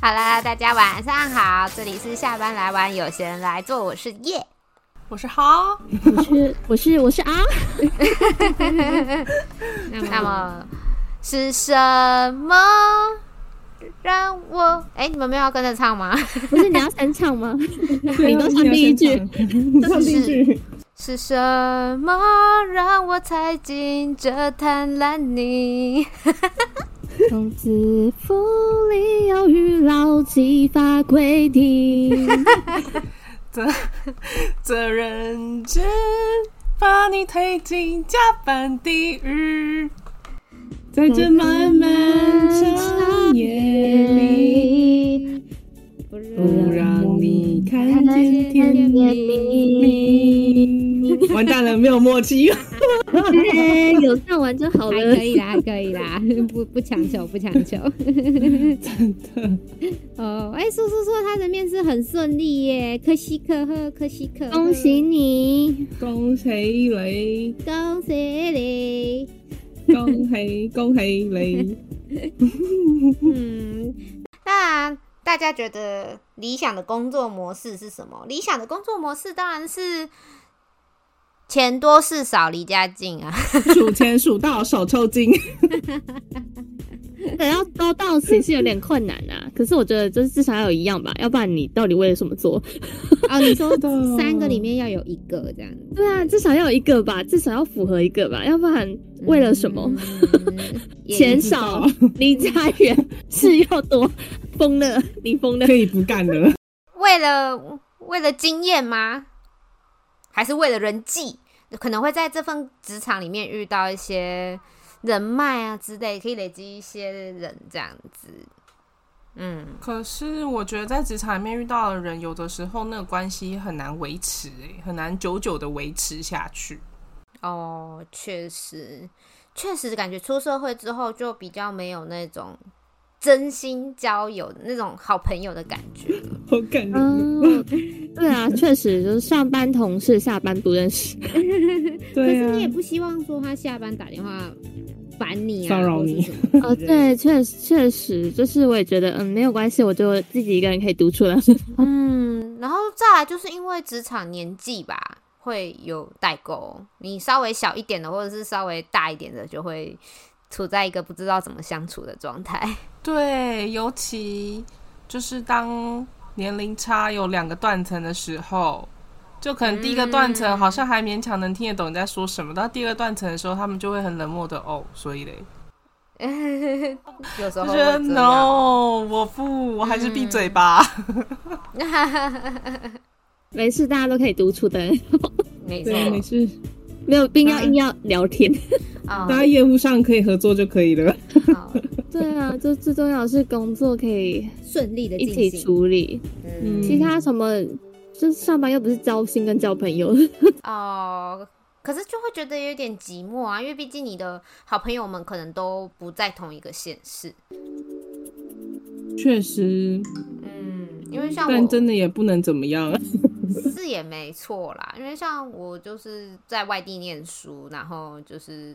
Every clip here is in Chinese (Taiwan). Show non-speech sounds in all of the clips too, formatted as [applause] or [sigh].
好了，大家晚上好，這裡是下班來玩，有閒來坐，我是耶我是哈，我是，我是，我，是，我，是我是啊， [laughs] [laughs] 那麼是什麼？讓我誒、欸，你們沒有要跟着唱嗎？不是你要先 [laughs] 唱嗎？你都是第一句唱都，都是第一句。是什麼讓我踩進這貪婪泥？從此福利有預勞基法規定， [laughs] 責責任制把你推進加班地獄。在這漫漫長夜裡，不讓你看見天邊的黎明。完蛋了，沒有默契。有、 [laughs] okay, 上完就好了。還可以啦，可以啦，不不強求，不強求。 [laughs] 真的。哦，哎，叔叔說他的面試很順利耶，可喜可賀，可喜可賀，恭喜你，恭喜你，恭喜你。恭喜恭喜你！ [laughs] 嗯，那大家覺得理想的工作模式是什麼？理想的工作模式當然是錢多事少離家近啊，數錢數到我手抽筋。 [laughs] 對，要高到齊是有點困難啊 [laughs] 可是我覺得，就是至少要有一樣吧， [laughs] 要不然你到底為了什麼做？啊、oh, [laughs] 你說三個裡面要有一個這樣。 [laughs] 對啊， [laughs] 至少要有一個吧，至少要符合一個吧，要不然為了什麼？錢、嗯、 [laughs] 少，離家遠，事又多，瘋了， [laughs] 你瘋了，可以不幹了， [laughs] 了。為了為了經驗嗎？還是為了人際？可能會在這份職場裡面遇到一些。人脈啊之類，可以累積一些人這樣子。嗯，可是我覺得在職場裡面遇到的人，有的時候那個關係很難維持，欸，哎，很難久久的維持下去。哦，確實，確實感覺出社會之後就比較沒有那種。真心交友的那種好朋友的感覺，好感覺、嗯。對啊，確實就是上班同事，下班不認識、 [laughs] 啊。可是你也不希望說他下班打電話煩你啊，騷擾你 [laughs] 哦，對，確實確實，就是我也覺得，嗯，沒有關係，我就自己一個人可以獨處。來。嗯，然後再來，就是因為職場年紀吧，會有代溝。你稍微小一點的，或者是稍微大一點的，就會處在一個不知道怎麼相處的狀態。對，尤其就是當年齡差有兩個斷層的時候，就可能第一個斷層好像還勉強能聽得懂你在說什麼，嗯、到第二個斷層的時候，他們就會很冷漠的哦。所以嘞，有時候我 no，我不，我還是閉嘴吧。嗯、 [laughs] 沒事，大家都可以獨處的，沒事沒事，沒有必要硬要聊天，嗯 oh. 大家業務上可以合作就可以了。Oh. 對啊，就最重要的是工作可以順利的進行，一起處理，嗯、其他什麼就上班又不是交心跟交朋友哦、嗯， [laughs] uh, 可是就會覺得有點寂寞啊，因為畢竟你的好朋友們可能都不在同一個縣市，確實，嗯，因為像我但真的也不能怎麼樣， [laughs] 是也沒錯啦，因為像我就是在外地念書，然後就是。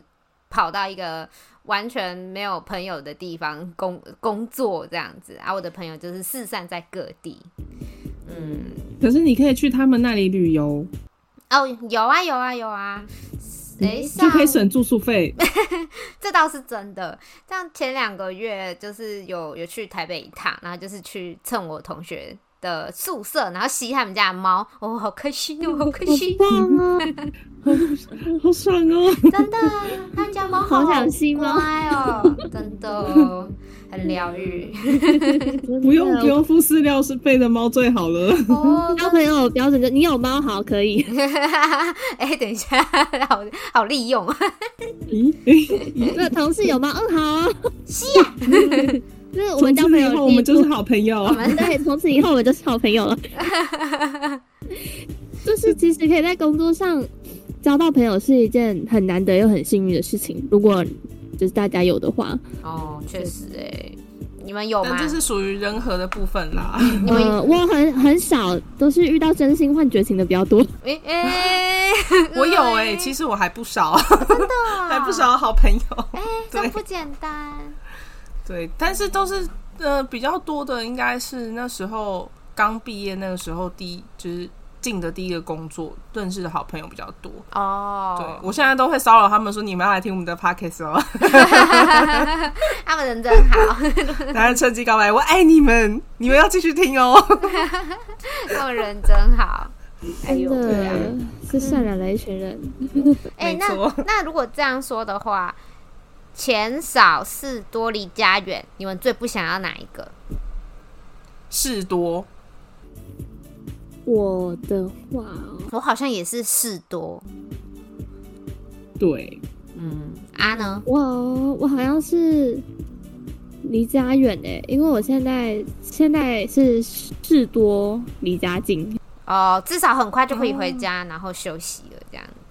跑到一個完全沒有朋友的地方工工作這樣子啊，我的朋友就是四散在各地，嗯，可是你可以去他們那裡旅遊哦，有啊有啊有啊，誒、啊欸，就可以省住宿費， [laughs] 這倒是真的。像前兩個月就是有有去台北一趟，然後就是去蹭我同學。的宿舍，然後吸他們家的貓，哦，好開心哦，好開心、啊， [laughs] 好爽好爽哦， [laughs] 真的，他們家貓好想吸貓哦，好好 [laughs] 真的，很療癒 [laughs] 不用不用付飼料，是餵的貓最好了。交朋友標準就你有貓好可以，哎那、 [laughs] 欸，等一下，好好利用，那、 [laughs] 欸欸欸欸、 [laughs] 同事有貓，嗯，好，吸 [laughs] 呀是、啊。 [laughs] 那、就是、我們交朋友我們就是好朋友。對，從此以後我們就是好朋友了、啊。 [laughs] [laughs] 就是其實可以在工作上交到朋友是一件很難得又很幸運的事情。如果就是大家有的話，哦，確實哎、欸， [laughs] 你們有嗎？但這是屬於人和的部分啦。呃 [laughs] 們也， [laughs] 我很很少都是遇到真心換絕情的比較多。哎、欸、哎、欸欸，我有哎、欸，其實我還不少，真 [laughs] 的還不少好朋友。哎、欸，這不簡單。對，但是都是呃比較多的，應該是那時候剛畢業那個時候第一，第就是進的第一個工作認識的好朋友比較多哦。Oh. 對，我現在都會騷擾他們說，你們要來聽我們的 podcast 哦， [laughs] [laughs] 他們人真好，來 [laughs] 趁機告白，我愛你們，你們要繼續聽哦， [laughs] [laughs] 他們人真好，真 [laughs] 的、哎，是善良的一群人。哎、 [laughs] 欸，那 [laughs] 那如果這樣說的話。錢少事多，離家遠。你們最不想要哪一個？事多。我的話，我好像也是事多。對，嗯。啊，呢？我我好像是離家遠誒，因為我現在現在是事多離家近哦，至少很快就可以回家，哦、然後休息。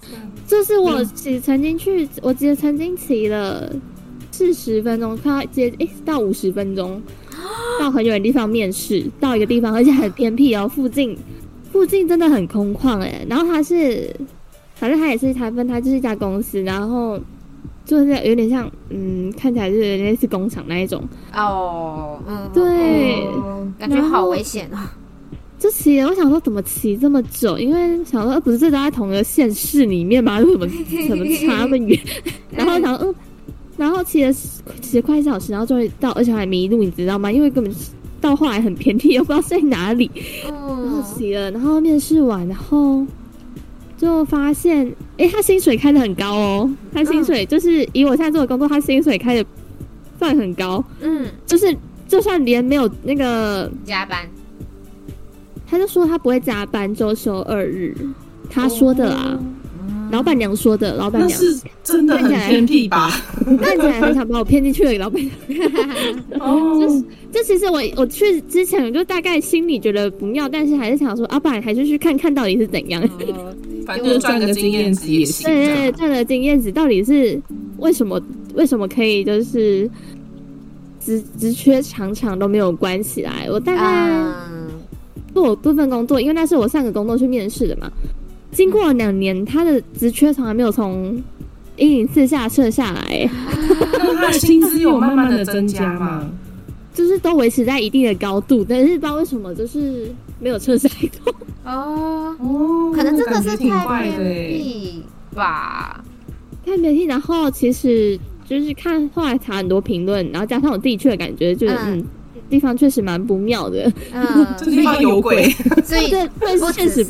這、嗯，就是我其實、嗯、曾經去，我記得曾經騎了四十分鐘，他接誒、欸、到五十分鐘，到很遠的地方面試，到一個地方，而且很偏僻哦，附近附近真的很空曠哎、欸。然後他是，反正他也是一台風，他就是一家公司，然後就是有點像，嗯，看起來就是類似工廠那一種哦。嗯、oh, um,，對、oh,，感覺好危險啊。 [laughs] 就騎了，我想說怎麼騎這麼久？因為想說不是這都在同一個縣市裡面嗎？為什麼怎麼差那麼遠？ [laughs] [laughs] 然後想嗯，然後騎了騎了快一小時，然後終於到，而且還迷路，你知道嗎？因為根本到後來很偏僻，又不知道在哪裡。Oh. 然後騎了，然後面試完然後，就發現誒、欸，他薪水開的很高哦。他薪水就是、oh. 以我現在做的工作，他薪水開的算很高。嗯、oh.，就是就算連沒有那個加班。他就說他不會加班，週休二日。他說的啦，oh, um, 老闆娘說的。老闆娘是真的很偏僻吧？ [laughs] 看起來很想把我騙進去了，老闆娘。這 [laughs] 這、oh. [laughs] 其實我我去之前就大概心裡覺得不妙，但是還是想說，阿、啊、爸還是去看看到底是怎樣， [laughs] 反正賺個經驗值也行、啊。對對，對，賺個經驗值到底是為什麼？為什麼可以就是直職缺常常都沒有關起來？我大概。Uh... 做這份工作，因為那是我上個工作去面試的嘛。經過兩年，他的職缺從來沒有從一零四下撤下來。那、啊、 [laughs] 他的薪資有慢慢的增加嗎？ [laughs] 就是都維持在一定的高度、啊，但是不知道為什麼就是沒有撤下來過哦，哦 [laughs] 可能這個是太貶義吧。太貶義，然後其實就是看後來查很多評論，然後加上我自己去的感覺，就是嗯。嗯地方確實蠻不妙的，嗯， [laughs] 就是地方有鬼，所以對，不只是，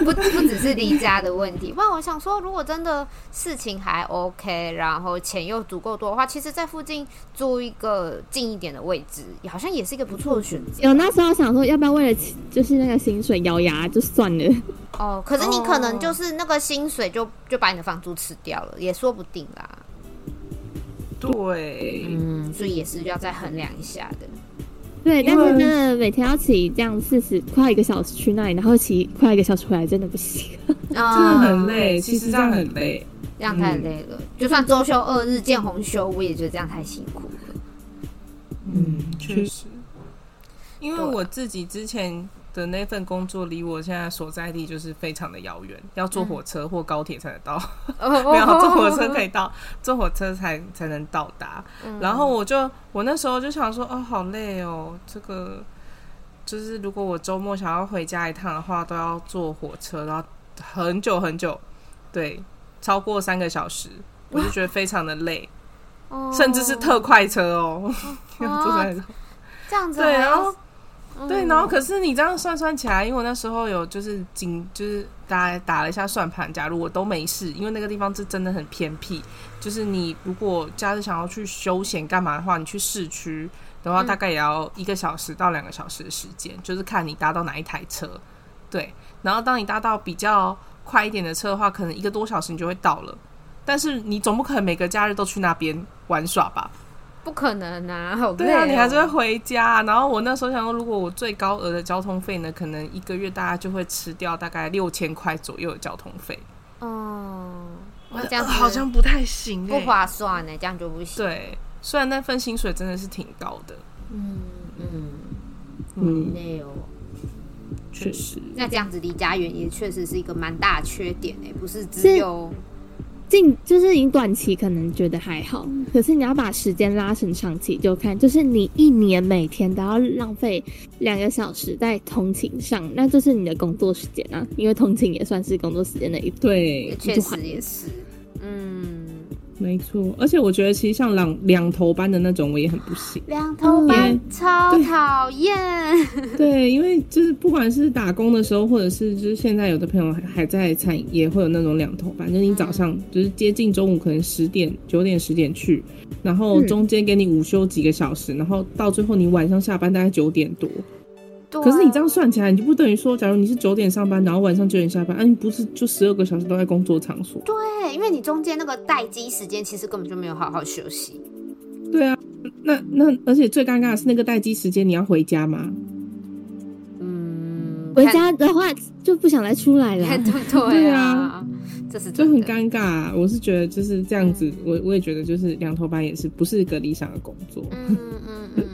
不 [laughs] 不只是離 [laughs] 家的問題。不然我想說，如果真的事情還 OK，然後錢又足夠多的話，其實，在附近租一個近一點的位置，好像也是一個不錯的選擇啊。有那時候我想說，要不要為了就是那個薪水咬牙就算了？哦，可是你可能就是那個薪水就就把你的房租吃掉了，也說不定啦。對，嗯，所以也是要再衡量一下的。對，但是真的每天要騎這樣四十快一個小時去那裡，然後騎快一個小時回來，真的不行，真的、哦 [laughs] 很累。其實這樣很累，這樣太累了。嗯、就算周休二日、見紅休，我也覺得這樣太辛苦了。嗯，確實，確實，因為我自己之前、啊。的那份工作離我現在所在地就是非常的遙遠，要坐火車或高鐵才能到。不、嗯、要 [laughs] 坐火車可以到，坐火車才才能到達、嗯。然後我就我那時候就想說，哦，好累哦，這個就是如果我周末想要回家一趟的話，都要坐火車，然後很久很久，對，超過三個小時，我就覺得非常的累，哦、甚至是特快車哦，哦 [laughs] 要坐這樣子，對，然後對，然後可是你這樣算算起來，因為我那時候有就是緊就是大家打了一下算盤，假如我都沒事，因為那個地方是真的很偏僻，就是你如果假日想要去休閒幹嘛的話，你去市區的話大概也要一個小時到兩個小時的時間、嗯，就是看你搭到哪一台車。對，然後當你搭到比較快一點的車的話，可能一個多小時你就會到了，但是你總不可能每個假日都去那邊玩耍吧。不可能吶、啊哦！對啊，你還是會回家。然後我那時候想說，如果我最高額的交通費呢，可能一個月大家就會吃掉大概六千塊左右的交通費、嗯。哦，這樣好像不太行，不划算呢。這樣就不行。對，雖然那份薪水真的是挺高的。嗯嗯嗯，沒有、哦，確、嗯、實。那這樣子離家遠也確實是一個蠻大的缺點哎，不是只有是。近，就是你短期可能覺得還好，嗯、可是你要把時間拉成長期就看，就是你一年每天都要浪費兩個小時在通勤上，那就是你的工作時間啊，因為通勤也算是工作時間的一段、嗯、對，確實也是，嗯。沒錯，而且我覺得其實像兩兩頭班的那種，我也很不行。兩頭班 yeah, 超討厭。對，討厭 [laughs] 對，因為就是不管是打工的時候，或者是就是現在有的朋友還，還在餐飲，也會有那種兩頭班，就是你早上就是接近中午，可能十點九點十點去，然後中間給你午休幾個小時，嗯、然後到最後你晚上下班大概九點多。啊、可是你這樣算起來，你就不等於說，假如你是九點上班，然後晚上九點下班，啊你不是就十二個小時都在工作場所？對，因為你中間那個待機時間，其實根本就沒有好好休息。對啊，那那而且最尷尬的是那個待機時間，你要回家嗎？嗯，回家的話就不想再出來了。 [laughs] 對、對、對、啊 [laughs] 對啊，這是的就很尷尬、啊。我是覺得就是這樣子，我、嗯、我也覺得就是兩頭班也是不是一個理想的工作。嗯嗯嗯。嗯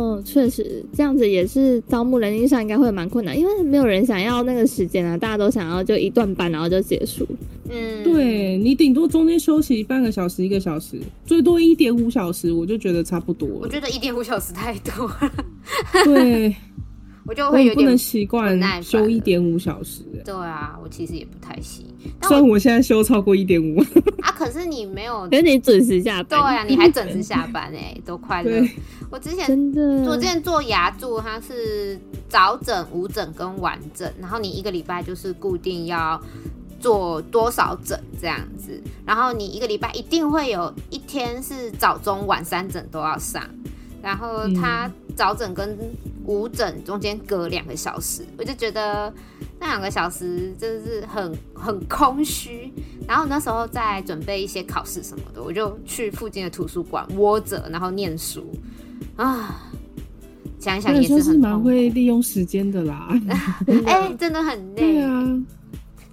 嗯、哦，確實這樣子也是招募人力上應該會蠻困難，因為沒有人想要那個時間啊，大家都想要就一段班然後就結束。嗯，對你頂多中間休息半個小時、一個小時，最多一點五小時，我就覺得差不多。我覺得一點五小時太多了。 [laughs] 對。我，就會有點，我不能習慣修一點五小時，欸。對啊，我其實也不太習慣。雖然我現在修超過一點五。啊，可是你沒有。可是你準時下班。對啊，你還準時下班哎，欸，都快樂。我之前我之前做牙柱，它是早診、午診跟晚診，然後你一個禮拜就是固定要做多少診這樣子，然後你一個禮拜一定會有一天是早、中、晚三診都要上，然後他。嗯早診跟午診中間隔兩個小時，我就覺得那兩個小時真的是很很空虛。然後那時候在準備一些考試什麼的，我就去附近的圖書館窩着，然後念書啊。想一想也是，很是蠻會利用時間的啦。哎、 [laughs] [laughs] 欸，真的很累啊。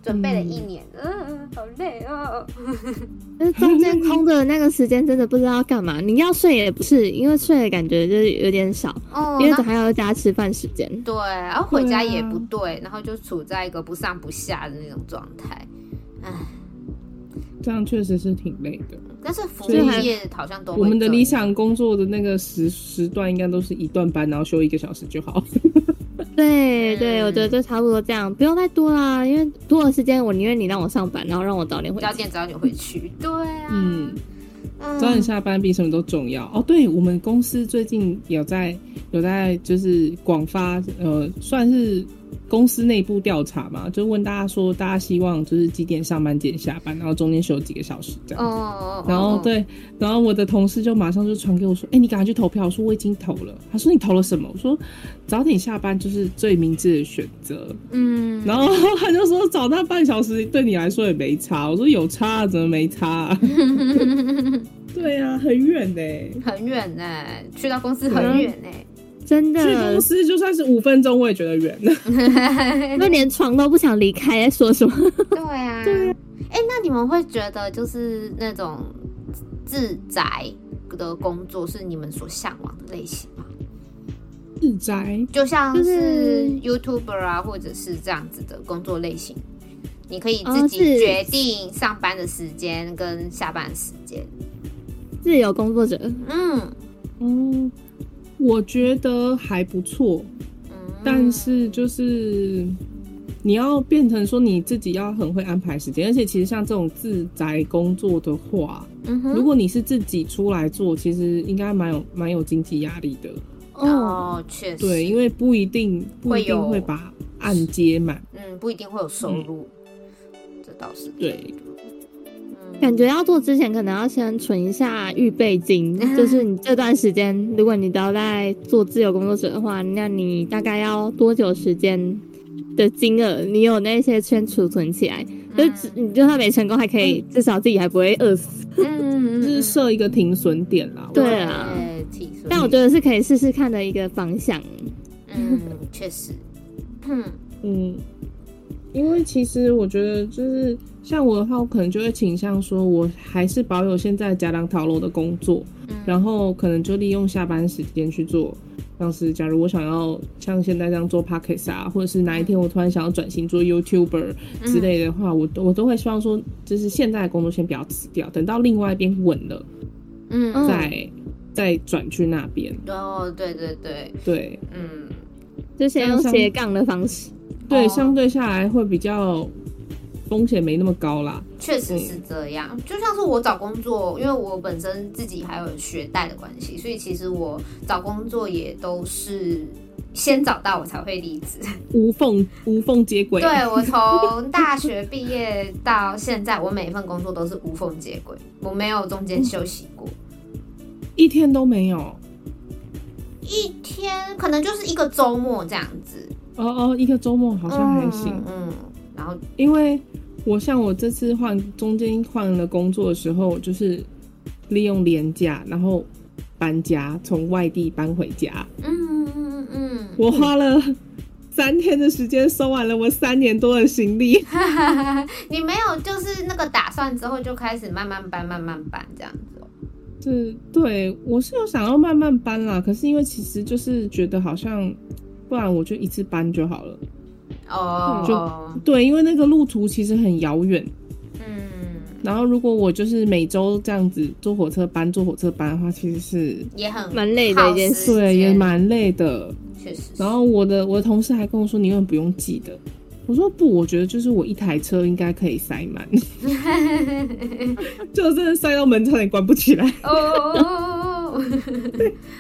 準備了一年，嗯，嗯，好累哦。那 [laughs] 中間空的那個時間，真的不知道幹嘛。你要睡也不是，因為睡的感覺就是有點少，哦、因為還要加吃飯時間。對，然後回家也不對，對、啊，然後就處在一個不上不下的那種狀態。哎。這樣確實是挺累的。但是服務業好像都我們的理想工作的那個時時段應該都是一段班，然後休一個小時就好。對、 [laughs] 嗯、對，我覺得就差不多這樣，不用太多啦，因為多的時間我寧願你讓我上班，然後讓我早點回家，早早點回去。對、啊、嗯，嗯，早點下班比什麼都重要、嗯、哦。對，我們公司最近有在。我在就是廣發呃，算是公司內部調查嘛，就問大家說，大家希望就是幾點上班，幾點下班，然後中間休幾個小時這樣。哦、oh, oh,，oh, oh, oh. 然後對，然後我的同事就馬上就傳給我說，哎、欸，你趕快去投票，我說我已經投了。他說你投了什麼？我說早點下班就是最明智的選擇。嗯，然後他就說早到半小時對你來說也沒差。我說有差、啊、怎麼沒差、啊？ [laughs] 對啊，很遠呢、欸，很遠呢、欸，去到公司很遠呢、欸。」真的去公司就算是五分鐘，我也覺得遠，那連床都不想離開，說什麼？對啊，哎、欸，那你們會覺得就是那種自宅的工作是你們所嚮往的類型嗎？自宅，就像是 YouTuber 啊、就是，或者是這樣子的工作類型，你可以自己決定上班的時間跟下班的時間。自由工作者，嗯，嗯我覺得還不錯、嗯，但是就是你要變成說你自己要很會安排時間，而且其實像這種自宅工作的話，嗯、如果你是自己出來做，其實應該蠻有蠻有經濟壓力的。哦，確實，對，因為不一定不一定會把按揭滿，嗯，不一定會有收入，嗯、這倒是對。感覺要做之前，可能要先存一下預備金、嗯。就是你這段時間，如果你都在做自由工作者的話，那你大概要多久時間的金額？你有那些先儲存起來，嗯、就你就算沒成功，還可以、嗯、至少自己還不會餓死。嗯，嗯，嗯，嗯 [laughs] 就是設一個停損點了。對啊、嗯。但我覺得是可以試試看的一個方向。嗯，確、嗯、實。嗯嗯。因為其實我覺得就是。像我的話，我可能就會傾向說，我還是保有現在家當套路的工作、嗯，然後可能就利用下班時間去做。像是假如我想要像現在這樣做 podcast 啊，或者是哪一天我突然想要轉型做 YouTuber 之類的話，嗯、我都我都會希望說，就是現在的工作先不要辭掉，等到另外一邊穩了，嗯，再、哦、再轉去那邊。哦，對對對對，嗯，就先用斜槓的方式，對、哦，相對下來會比較。風險沒那麼高啦，確實是這樣、嗯。就像是我找工作，因為我本身自己還有學貸的關係，所以其實我找工作也都是先找到我才會離職，無縫無縫接軌。對，我從大學畢業到現在， [laughs] 我每一份工作都是無縫接軌，我沒有中間休息過，一天都沒有，一天可能就是一個周末這樣子。哦哦，一個周末好像還行，嗯。嗯然後，因為我像我這次換中間換了工作的時候，就是利用年假，然後搬家從外地搬回家。嗯嗯嗯嗯。我花了三天的時間收完了我三年多的行李。 [laughs] 你沒有就是那個打算之後就開始慢慢搬，慢慢搬這樣子？對對，我是有想要慢慢搬啦，可是因為其實就是覺得好像，不然我就一次搬就好了。哦、oh，就對，因為那個路途，其實很遙遠，嗯，然後如果我就是每周這樣子坐火車搬、坐火車搬的話，其實是也很蠻累的一件事，對，也蠻累的，確實。然後我的我的同事還跟我說，你永遠不用寄的。我說不，我覺得就是我一台車應該可以塞滿， [laughs] [laughs] 就真的塞到門差點關不起來。哦，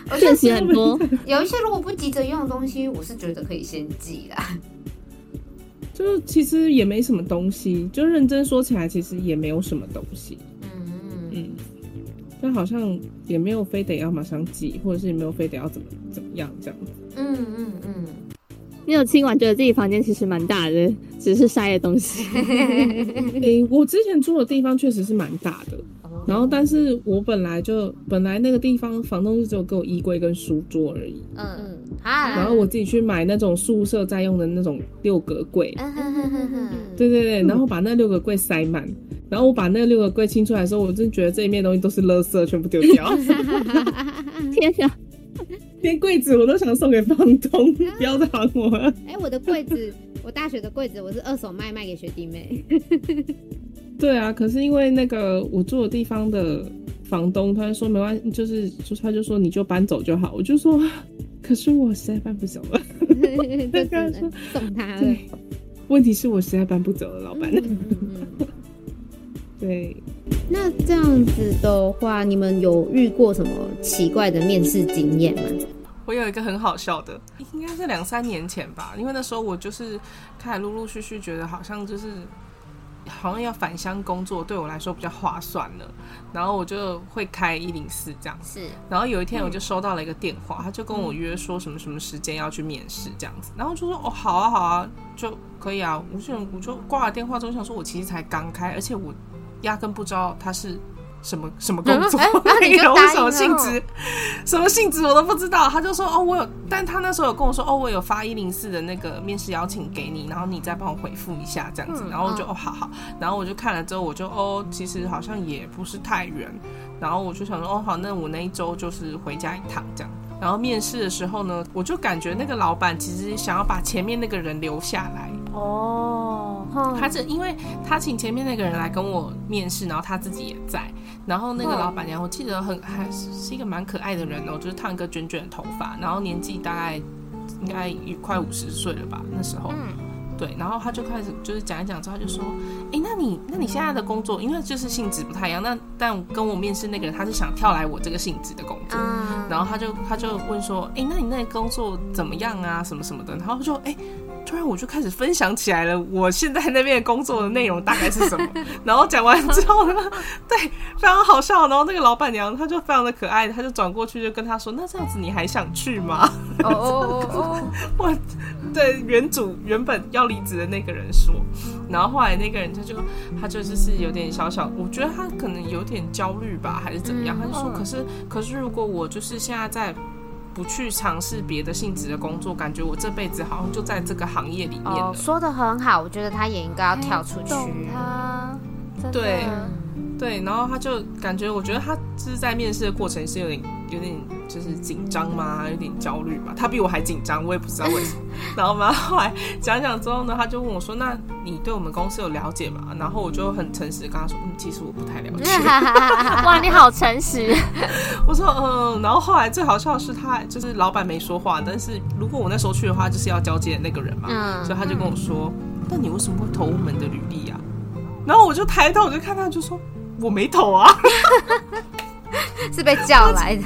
確實很多。 [laughs] 有一些如果不急着用的東西， [laughs] 我是覺得可以先寄啦。就其實也沒什麼東西，就認真說起來，其實也沒有什麼東西。嗯嗯嗯，但好像也沒有非得要馬上擠，或者是沒有非得要怎麼怎麼樣這樣。嗯嗯嗯，你有清完，覺得自己房間其實蠻大的，只是塞的東西。哎、 [laughs] 欸，我之前住的地方確實是蠻大的。然後，但是我本來就本來那個地方，房東就只有給我衣櫃跟書桌而已。嗯嗯、啊。然後我自己去買那種宿舍在用的那種六格櫃。哈哈哈對對對，嗯、然後把那六個櫃塞滿，然後我把那六個櫃清出來的時候，我真覺得這一面東西都是垃圾，全部丟掉。 [laughs] [laughs] 天啊！連櫃子我都想送給房東，啊、不要再煩我了。哎、欸，我的櫃子， [laughs] 我大學的櫃子，我是二手賣，賣給學弟妹。 [laughs] 對啊，可是因為那個我住的地方的房東，他就說沒關係，就是就他就說你就搬走就好。我就說，可是我實在搬不走了。他跟他說送他了對。問題是我實在搬不走了，老闆、 [laughs] 嗯嗯嗯。對，那這樣子的話，你們有遇過什麼奇怪的面試經驗嗎？我有一個很好笑的，應該是兩三年前吧，因為那時候我就是開始陸陸續續覺得好像就是。好像要返鄉工作，對我來說比較划算了。然後我就會開一零四這樣子。是，然後有一天我就收到了一個電話，嗯、他就跟我約說什麼什麼時間要去面試這樣子。嗯、然後就說哦好啊好啊就可以啊。我就我就掛了電話之後想說，我其實才剛開，而且我壓根不知道他是。什麼什麼工作？嗯、然後你就什麼性質？什麼性質我都不知道。他就說哦，我有，但他那時候有跟我說哦，我有發一零四的那個面試邀請給你，然後你再幫我回覆一下這樣子。然後我就、嗯、哦，好好。然後我就看了之後，我就哦，其實好像也不是太遠。然後我就想說哦，好，那我那一周就是回家一趟這樣。然後面試的時候呢，我就感覺那個老板其實想要把前面那個人留下來哦。他是因為他請前面那個人來跟我面試，然後他自己也在。然後那個老闆娘，我記得很、嗯、還是，是一個蠻可愛的人哦，就是燙一個捲捲的頭髮，然後年紀大概應該快五十歲了吧，那時候、嗯，對，然後他就開始就是講一講之後，他就說，哎，那你那你現在的工作，因為就是性質不太一樣，那但跟我面試那個人他是想跳來我這個性質的工作，嗯、然後他就他就問說，哎，那你那工作怎麼樣啊，什麼什麼的，然後就哎。誒突然我就開始分享起來了，我現在那邊工作的內容大概是什麼？然後講完之後呢，對，非常好笑。然後那個老闆娘，她就非常的可愛，她就轉過去就跟他說：“那這樣子你還想去嗎？”哦、oh, oh, oh, oh. [laughs] 我對原主原本要離職的那個人說。然後後來那個人就他就他就是是有點小小，我覺得他可能有點焦慮吧，還是怎麼樣？嗯、他就說：“嗯、可是可是如果我就是現在在。”不去嘗試別的性質的工作，感覺我這輩子好像就在這個行業裡面了。哦，說得很好，我覺得他也應該要跳出去，對。對，然後他就感覺，我覺得他就是在面試的過程是有點有點就是緊張嘛，有點焦慮吧。他比我還緊張，我也不知道為什麼。 [laughs] 然後嘛，後來講講之後呢，他就問我說：“那你對我們公司有了解嗎？”然後我就很誠實跟他說：“嗯，其實我不太了解。 [laughs] ”哇，你好誠實！ [laughs] 我說：“嗯、呃。”然後後來最好笑的是他，他就是老闆沒說話，但是如果我那時候去的話，就是要交接的那個人嘛，嗯，所以他就跟我說：“那、嗯、你為什麼會投我們的履歷呀、啊？”然後我就抬頭，我就看他，就說。我沒投啊， [laughs] 是被叫來的。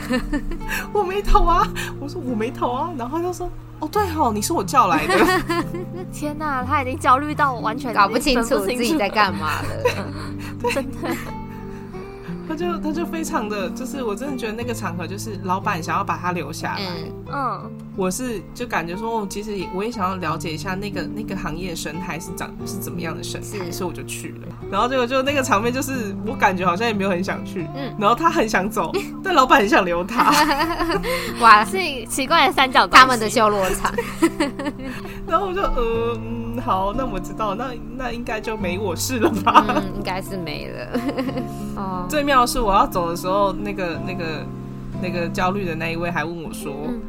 我沒投啊， [laughs] 我，啊、我說我沒投啊，然後他說：“哦對哦，你是我叫來的。 [laughs] ”天吶、啊、他已經焦慮到我完全搞不清楚自己在幹嘛了，真的。他就他就非常的就是，我真的覺得那個場合就是老闆想要把他留下來。嗯，嗯我是就感覺說，其實我也想要了解一下那個那個行業生態是長是怎麼樣的生態，所以我就去了。然後結果就那個場面就是，我感覺好像也沒有很想去。嗯，然後他很想走，但老板很想留他。嗯、 [laughs] 哇，是奇怪的三角關係他們的修羅場。 [laughs] [laughs] 然後我就呃。嗯好，那我知道，那那應該就沒我事了吧？嗯、應該是沒了。哦， [laughs] 最妙的是我要走的時候，那個、那個、那個焦慮的那一位還問我說、嗯：“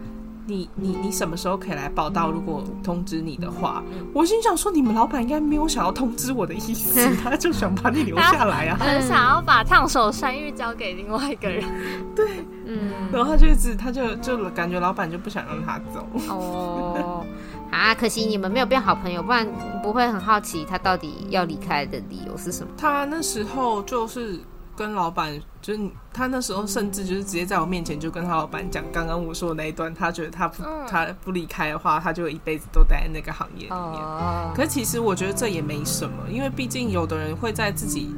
你、你、你什麼時候可以來報到？”嗯、如果通知你的話。”我心想說：“你們老板應該沒有想要通知我的意思， [laughs] 他就想把你留下來啊。”很想要把燙手山芋交給另外一個人。嗯、對，嗯，然後他就一直……他就就感覺老板就不想讓他走。哦。 [laughs] 啊，可惜你們沒有變好朋友，不然你不會很好奇他到底要離開的理由是什麼？他那時候就是跟老板，就是他那時候甚至就是直接在我面前就跟他老板講剛剛我說的那一段。他覺得他不他不離開的話，他就一輩子都待在那個行業裡面。可是其實我覺得這也沒什麼，因為畢竟有的人會在自己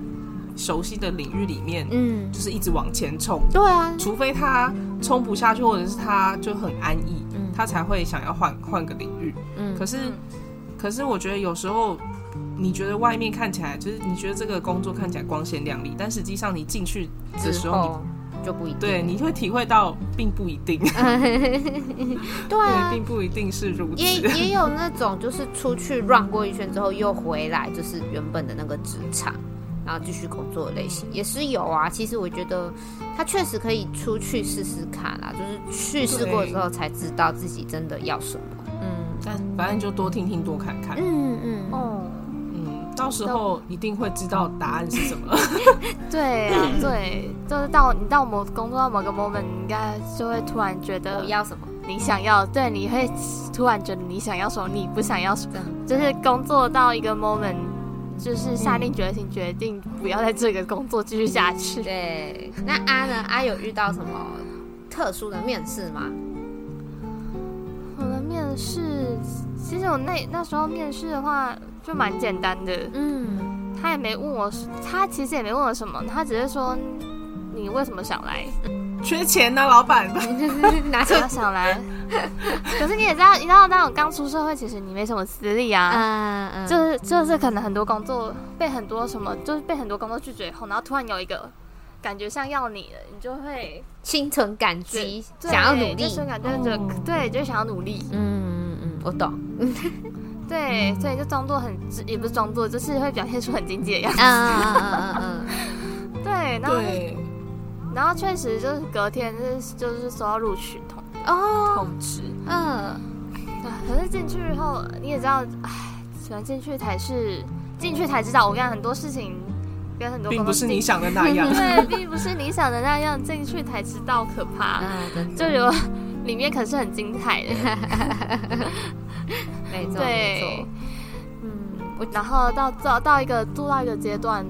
熟悉的領域裡面，嗯，就是一直往前衝，嗯。對啊，除非他衝不下去，或者是他就很安逸。他才會想要換換個領域，嗯，可是，嗯、可是我覺得有時候，你覺得外面看起來就是你覺得這個工作看起來光鮮亮麗，但實際上你進去的時候就不一定，對，你會體會到並不一定 [laughs] 對、啊，對，並不一定是如此，也也有那種就是出去 run 過一圈之後又回來，就是原本的那個職場。然後繼續工作的類型、嗯、也是有啊，其實我覺得他確實可以出去試試看啦，就是去試過之後才知道自己真的要什麼。嗯，但反正就多聽聽多看看。嗯嗯哦，嗯、嗯哦，到時候一定會知道答案是什麼。 [laughs] 對啊， [laughs] 對，就是到你到某工作到某個 moment，你應該就會突然覺得你要什麼，你想要對，你會突然覺得你想要什麼，你不想要什麼，就是工作到一個 moment。就是下定決心，決定不要在這個工作繼續下去。嗯。對，那阿呢？ [laughs] 阿有遇到什麼特殊的面試嗎？我的面試，其實我那那時候面試的話就蠻簡單的。嗯，他也沒問我，他其實也沒問我什麼，他只是說，你為什麼想來。缺錢呢、啊，老闆你 [laughs] 拿着想來。 [laughs] [laughs] 可是你也知道，你知道那種剛出社會，其實你沒什麼實力啊。嗯嗯，就是就是可能很多工作被很多什麼，就是被很多工作拒絕後，然後突然有一個感覺像要你了，你就會心存感激，想要努力。Oh. 對，就想要努力。嗯嗯嗯，我懂。對，所以就裝作很，也不是裝作，就是會表現出很經濟的樣子。嗯嗯嗯嗯，對，對。然後確實就是隔天是就是收到錄取通哦通知，嗯、oh, uh.，可是進去以後你也知道，哎，喜歡進去才是進去才知道，我跟你講很多事情跟很多工作並不是你想的那樣， [laughs] 對，並不是你想的那樣，進 [laughs] 去才知道可怕，uh, [laughs] 就有裡面可是很精彩的， [laughs] [laughs] 沒錯，對，嗯，然後到到到一個度到一個階段。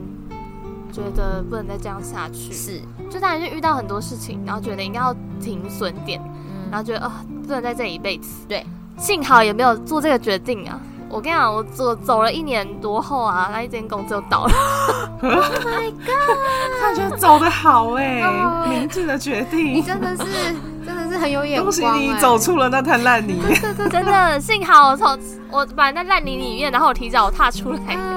覺得不能再這樣下去，是，就當然就遇到很多事情，然後覺得應該要停損點、嗯，然後覺得啊、呃，不能在這裡一輩子。對，幸好也沒有做這個決定啊！我跟你講，我走我走了一年多後啊，那一間公司就倒了。 [laughs] Oh my god！他 [laughs] 走得好哎、欸，Oh, 明智的決定。你真的是，真的是很有眼光、欸。恭喜你走出了那灘爛泥 [laughs] 對對對對對。真的幸好我從我把那爛泥裡面，然後我提早我踏出來。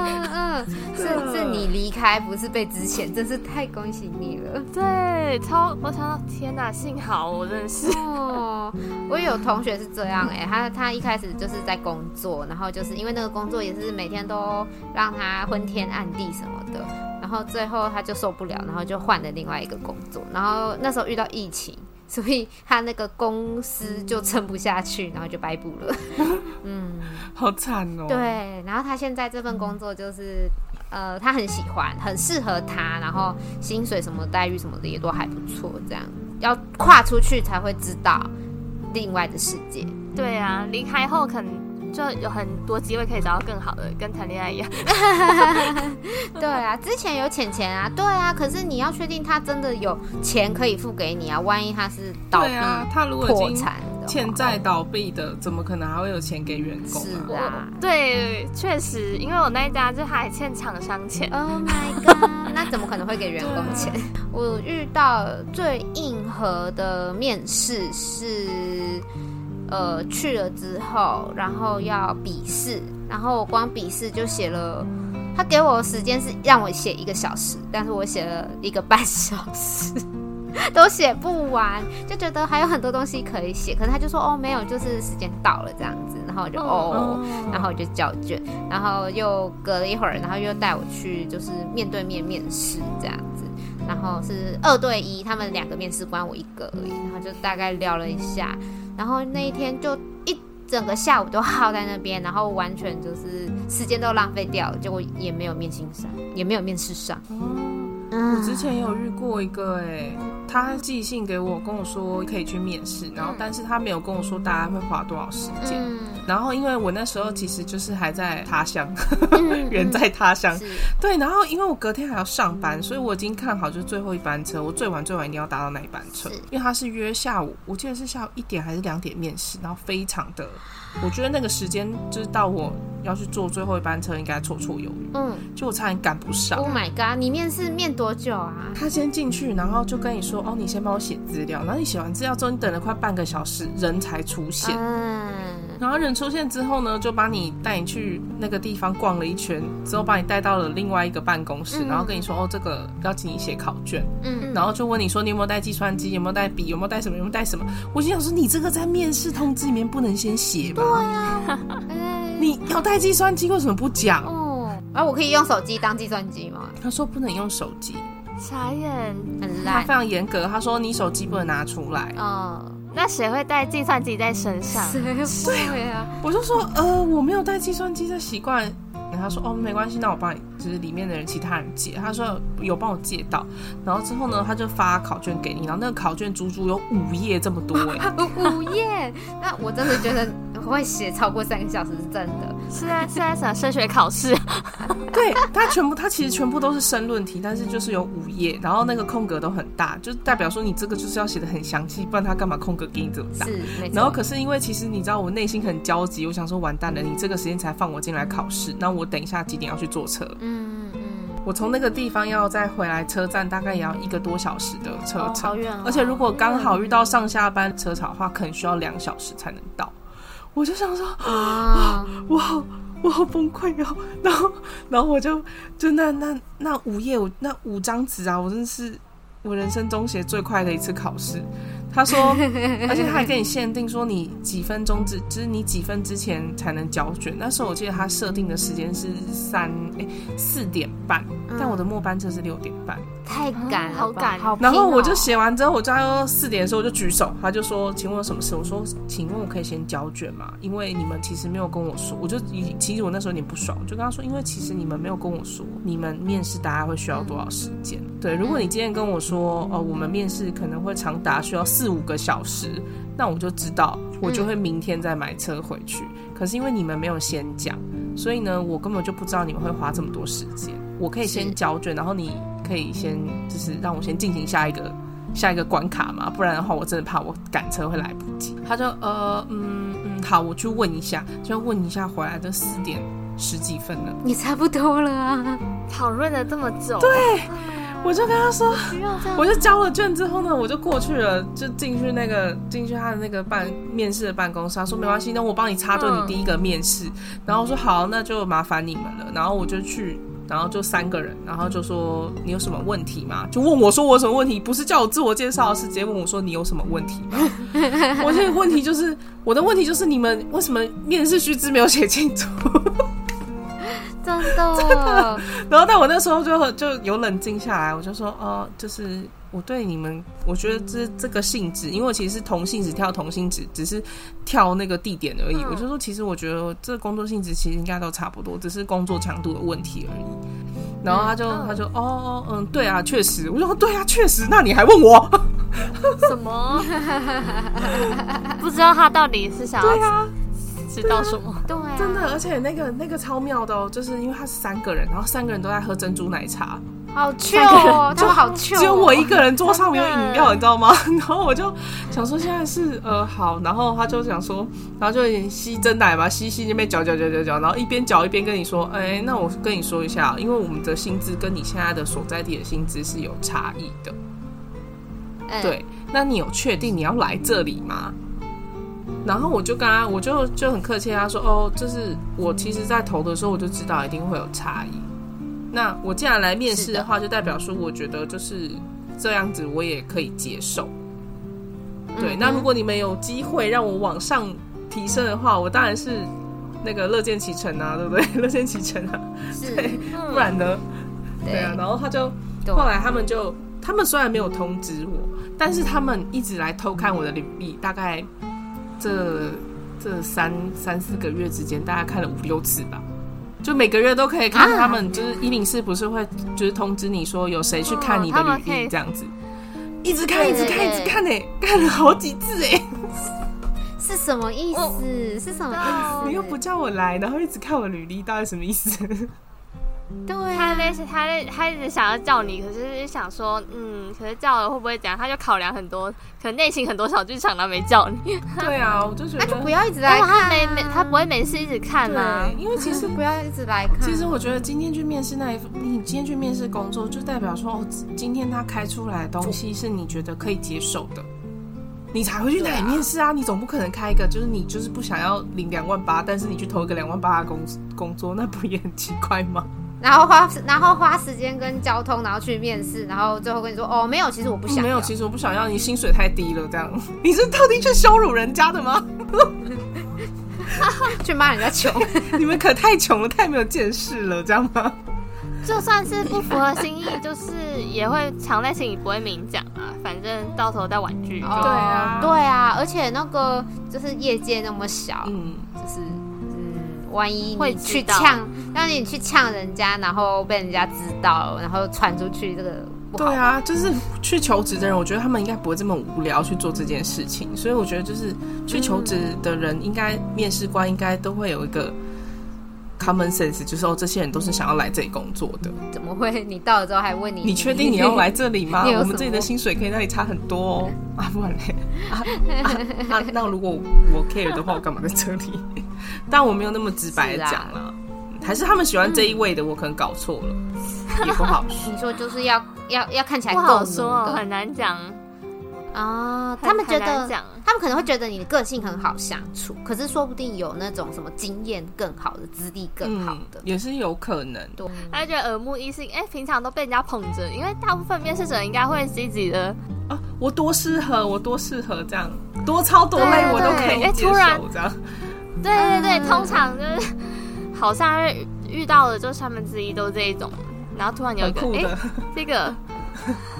[laughs] 是，是你離開不是被資遣，真是太恭喜你了。對，超我想到天哪、啊，幸好我認識。哦，我有同學是這樣哎、欸，他他一開始就是在工作，然後就是因為那個工作也是每天都讓他昏天暗地什麼的，然後最後他就受不了，然後就換了另外一個工作，然後那時候遇到疫情。所以他那個公司就撐不下去，然後就擺補了。 [laughs] 嗯，好慘哦。對，然後他現在這份工作就是，呃，他很喜歡，很適合他，然後薪水什麼待遇什麼的也都還不錯。這樣要跨出去才會知道另外的世界。對啊，離開後肯。就有很多機會可以找到更好的，跟談戀愛一樣。 [laughs] 對啊，之前有錢錢啊，對啊，可是你要確定他真的有錢可以付給你啊，萬一他是倒閉，他如果破產、欠債、啊、倒閉的，怎麼可能還會有錢給員工、啊？是啊，對，確、嗯、實，因為我那一家就還欠廠商錢。Oh my god， [laughs] 那怎麼可能會給員工錢？啊、我遇到最硬核的面試是。呃，去了之後，然後要筆試，然後我光筆試就寫了，他給我的時間是讓我寫一個小時，但是我寫了一個半小時，都寫不完，就覺得還有很多東西可以寫，可是他就說哦，沒有，就是時間到了這樣子，然後我就哦，然後我就交卷，然後又隔了一會兒，然後又帶我去就是面對面面試這樣子，然後是二對一，他們兩個面試官我一個而已，然後就大概聊了一下。然後那一天就一整個下午都耗在那邊，然後完全就是時間都浪費掉了，結果也沒有面成上，也沒有面試上。哦，我之前也有遇過一個哎、欸。他寄信給我，跟我說可以去面試，然後但是他沒有跟我說大概會花多少時間。然後因為我那時候其實就是還在他鄉， [laughs] 人在他鄉，對。然後因為我隔天還要上班，所以我已經看好就是最後一班車，我最晚最晚一定要搭到那一班車，因為他是約下午，我記得是下午一點還是兩點面試，然後非常的。我覺得那個時間就是到我要去坐最後一班車，應該綽綽有餘。嗯，就我差點趕不上。Oh my god！你面試面多久啊？他先進去，然後就跟你說：“哦，你先幫我寫資料。”然後你寫完資料之後，你等了快半個小時，人才出現。嗯。然後人出現之後呢，就把你帶你去那個地方逛了一圈，之後把你帶到了另外一個辦公室，然後跟你說：“嗯、哦，這個要請你寫考卷。嗯”嗯，然後就問你說：“你有沒有帶計算機？有沒有帶筆？有沒有帶什麼？有沒有帶什麼？”我就想說：“你這個在面試通知裡面不能先寫嗎？”對呀、啊欸，你要帶計算機為什麼不講？哦，啊，我可以用手機當計算機嗎？他說不能用手機，殘忍很爛。他非常嚴格，他說你手機不能拿出來。哦那誰會帶計算機在身上？誰會啊？我就說，呃，我沒有帶計算機的習慣。然後他說，哦，沒關係，那我幫你，就是裡面的人，其他人借。他說有幫我借到。然後之後呢，他就發考卷給你。然後那個考卷足足有五頁這麼多哎，五頁。 [laughs] 那我真的覺得。不會寫超過，三個小時是真的。是啊，現在想升學考試？ [laughs] 對，他全部，他其實全部都是申論題，但是就是有五頁、嗯，然後那個空格都很大，就代表說你這個就是要寫得很詳細，不然他幹嘛空格給你這麼大？是。然後可是因為其實你知道我內心很焦急，我想說完蛋了，你這個時間才放我進來考試，那我等一下幾點要去坐車？嗯嗯嗯。我從那個地方要再回來車站，大概也要一個多小時的車程、哦哦，而且如果剛好遇到上下班車潮的話，嗯、可能需要兩小時才能到。我就想說，啊，我好，我好崩潰哦、喔！然後，然後我就，就那那那五頁，我那五張紙啊，我真的是我人生中寫最快的一次考試。他說，而且他還給你限定說，你幾分鐘之，就是你幾分之前才能交卷。那時候我記得他設定的時間是三，哎、欸，四點半，但我的末班車是六點半。太趕、哦，好趕。然後我就寫完之後，喔、我大概四點的時候我就舉手，他就說：“請問我什麼事？”我說：“請問我可以先交卷嗎？因為你們其實沒有跟我說，我就其實我那時候有點不爽，我就跟他說：因為其實你們沒有跟我說，你們面試大概會需要多少時間，嗯？對，如果你今天跟我說，嗯、哦，我們面試可能會長達需要四五個小時，那我就知道，我就會明天再買車回去。嗯、可是因為你們沒有先講，所以呢，我根本就不知道你們會花這麼多時間，我可以先交卷，然後你。”可以先，就是讓我先進行下一個下一個關卡嘛，不然的話我真的怕我趕車會來不及。他就呃嗯嗯好，我去問一下，就問一下回來都四點十幾分了，你差不多了，啊。討論了這麼久。對，我就跟他說，我就交了卷之後呢，我就過去了，就進去那個進去他的那個辦面試的辦公室，他說沒關係，那我幫你插隊，你第一個面試，嗯。然後我說好，那就麻煩你們了。然後我就去。然後就三個人，然後就說你有什麼問題嗎？就問我說我有什麼問題？不是叫我自我介紹，是直接問我說你有什麼問題嗎？ [laughs] 我這個問題就是我的問題就是你們為什麼面試須知沒有寫清楚？真的，真的，然後，但我那時候就就有冷靜下來，我就說，哦、呃，就是我對你們，我覺得這這個性質，因為其實同性質跳同性質，只是跳那個地點而已。嗯、我就說，其實我覺得這工作性質其實應該都差不多，只是工作強度的問題而已。然後他就他就，哦，嗯，對啊，確實。我就說，對啊，確實。那你還問我什麼？ [laughs] 不知道他到底是想，對啊。知道什麼對、啊？對、啊，真的，而且那個那個超妙的哦、喔，就是因為他是三個人，然後三個人都在喝珍珠奶茶，好糗就好糗，就，、喔、就只有我一個人桌上沒有飲料，你知道嗎？然後我就想說，現在是呃好，然後他就想說，然後就吸珍奶吧，吸吸那邊攪攪攪攪攪，然後一邊攪一邊跟你說，哎、欸，那我跟你說一下，因為我們的薪資跟你現在的所在地的薪資是有差異的、欸，對，那你有確定你要來這裡嗎？然後我就跟他，我就就很客氣，他說：“哦，就是我其實，在投的時候我就知道一定會有差異。那我既然來面試的話，就代表說我覺得就是這樣子，我也可以接受。對嗯嗯，那如果你們有機會讓我往上提升的話，我當然是那個樂見其成啊，對不對？樂見其成啊，對，不然呢？對。對啊。然後他就後來他們就，他們雖然沒有通知我，嗯、但是他們一直來偷看我的履歷，大概。”這這三三四個月之間，大概看了五六次吧，就每個月都可以看他們，就是一零四不是會就是通知你說有誰去看你的履歷這樣子。哦、一直看，對對對，一直看一直看哎、欸，看了好幾次哎、欸，是什麼意思？Oh, 是什麼意思、oh,？你又不叫我來，然後一直看我履歷，到底什麼意思？對、啊，他在，他在，他一直想要叫你，可是想說，嗯，可是叫了會不會怎樣？他就考量很多，可能內心很多小劇場他沒叫你。對啊，我就覺得他、啊、就不要一直在、啊，他沒沒，他不會沒事一直看嗎、啊？因為其實 [laughs] 不要一直來看。其實我覺得今天去面試那一，你今天去面試工作，就代表說今天他開出來的東西是你覺得可以接受的，你才會去那裡面試啊，啊！你總不可能開一個，就是你就是不想要領兩萬八，但是你去投一個兩萬八的工工作，那不也很奇怪嗎？然後花然後花時間跟交通，然後去面試，然後最後跟你說哦，沒有，其實我不想要，沒有，其實我不想要，你薪水太低了，這樣你是特地去羞辱人家的嗎？ [laughs] [laughs] 去罵人家窮， [laughs] 你們可太窮了，太沒有見識了，這樣嗎？就算是不符合心意，就是也會藏在心裡，不會明講啊。反正到頭再婉拒。對啊，對啊，而且那個就是業界那麼小，嗯，就是。萬一會去嗆，讓你去嗆人家，然後被人家知道，然後傳出去，這個，對啊，就是去求職的人，我覺得他們應該不會這麼無聊去做這件事情，所以我覺得就是去求職的人應該，嗯，面試官應該都會有一個。Common sense 就是說、哦、這些人都是想要來這裡工作的。怎麼會？你到了之後還問你？你確定你要來這裡嗎？ [laughs] 我們這裡的薪水可以那裡差很多哦。 [laughs] 啊不然呢，那、啊啊 [laughs] 啊、那如果我，我 care 的話，我幹嘛在這裡？ [laughs] 但我沒有那麼直白的講了。還是他們喜歡這一位的，嗯、我可能搞錯了， [laughs] 也不好。你說就是要要要看起來夠不好說、啊夠，很難講。哦，他們覺得這樣，他們可能會覺得你的個性很好相處、嗯，可是說不定有那種什麼經驗更好的、的資歷更好的，也是有可能。對，他就覺得耳目一新。哎、欸，平常都被人家捧着，因為大部分面試者應該會自己的、哦、啊，我多適合，我多適合這樣，多超多累，對對對，我都可以接受。哎、欸，突然這樣。對對對，通常就是好像遇到的就三分之一都這一種，然後突然有一個哎、欸，這個。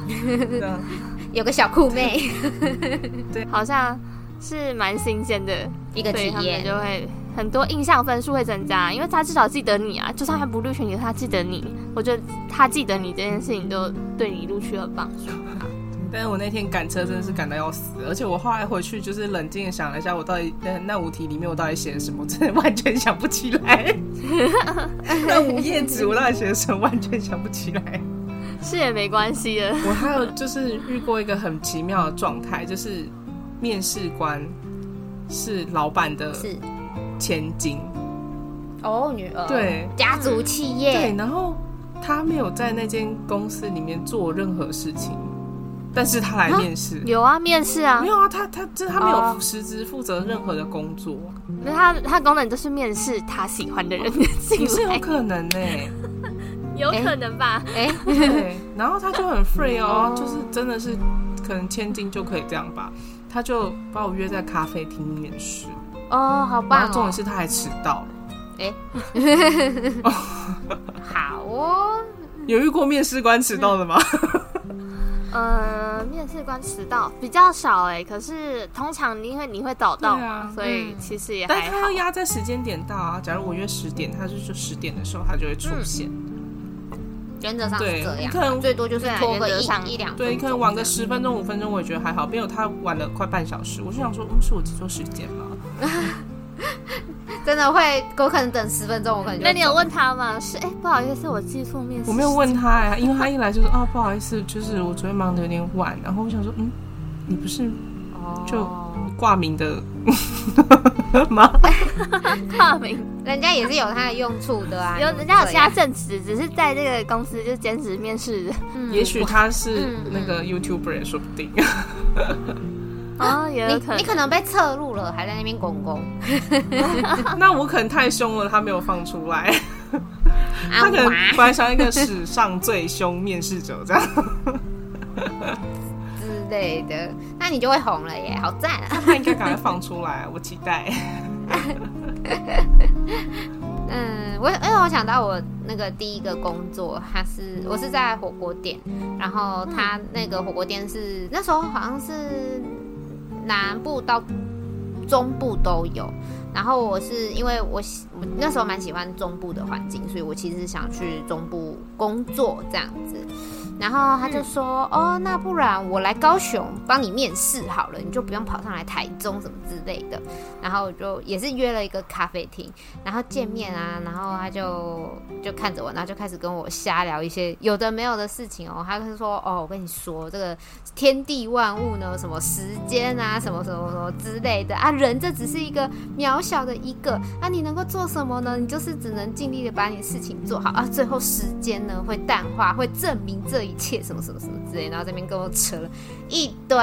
[laughs] [laughs] [laughs] 有個小酷妹，對， [laughs] 好像是蠻新鮮的一個體驗，就會很多印象分數會增加，因為他至少記得你啊，就算他不錄取你，他記得你、嗯，我覺得他記得你這件事情都對你錄取有幫助。但是我那天趕車真的是趕到要死、嗯，而且我後來回去就是冷靜想了一下，我到底那五題裡面我到底寫什麼，真的完全想不起來， [laughs] [laughs] [laughs] 那五頁紙我到底寫什麼， [laughs] 完全想不起來。是也沒關係的。我還有就是遇過一個很奇妙的狀態，就是面試官是老板的千金，哦，oh, 女兒，對，家族企業，對。然後他沒有在那間公司裡面做任何事情，但是他來面試，有啊，面試啊，沒有啊，他他就他沒有實質負責任何的工作，那、哦嗯、他他功能就是面試他喜歡的人， [laughs] 是有可能呢、欸。 [laughs] 有可能吧。哎、欸欸， [laughs] 然後他就很 free 哦，嗯、就是真的是可能千金就可以這樣吧。他就把我約在咖啡廳面試。嗯嗯、哦，好吧，哦。重點是他還遲到了。哎、欸， [laughs] [laughs] 好哦。有遇過面試官遲到的嗎？嗯、 [laughs] 呃，面試官遲到比較少哎、欸，可是通常因為你會早到啊，所以其實也還好。但他要壓在時間點到啊。假如我約十點，他就說十點的時候他就會出現。嗯原則上是這樣，對，一可能最多就是拖個一兩，對，可能晚個十分鐘五分鐘，我也覺得還好。沒有他晚了快半小時，我就想說，嗯，是我記錯時間了。 [laughs] 真的會，我可能等十分鐘，我感覺。那你有問他嗎？是，哎、欸，不好意思，我記錯面試時間。我沒有問他呀、欸，因為他一來就說，啊，不好意思，就是我昨天忙的有點晚，然後我想說，嗯，你不是就掛名的。Oh. [laughs] [laughs] 人家也是有他的用處的啊。有人家有其他證詞，只是在這個公司就兼職面試、嗯。也許他是那個 YouTuber，說不定。啊、嗯 [laughs] 哦，你你可能被側錄了，還在那邊公公。 [laughs] [laughs] 那我可能太凶了，他沒有放出來。 [laughs] 他可能翻上一個史上最凶面試者，這樣。 [laughs] 對的，那你就會紅了耶，好讚，啊！他應該趕快放出來， [laughs] 我期待。 [laughs] [laughs] 嗯，我因為我想到我那個第一個工作，他是我是在火鍋店，然後他那個火鍋店是、嗯、那時候好像是南部到中部都有，然後我是因為我我那時候蠻喜歡中部的環境，所以我其實想去中部工作這樣子。然後他就說：“哦，那不然我來高雄幫你面試好了，你就不用跑上來台中什麼之類的。”然後我就也是約了一個咖啡廳，然後見面啊，然後他就就看着我，然後就開始跟我瞎聊一些有的沒有的事情哦。他就是說：“哦，我跟你說，這個天地萬物呢，什麼時間啊，什麼什麼什麼之類的啊，人這只是一個渺小的一個啊，你能夠做什麼呢？你就是只能盡力的把你的事情做好啊。最後時間呢，會淡化，會證明這。”一切什麼什麼什麼之類，然後這邊跟我扯了一堆。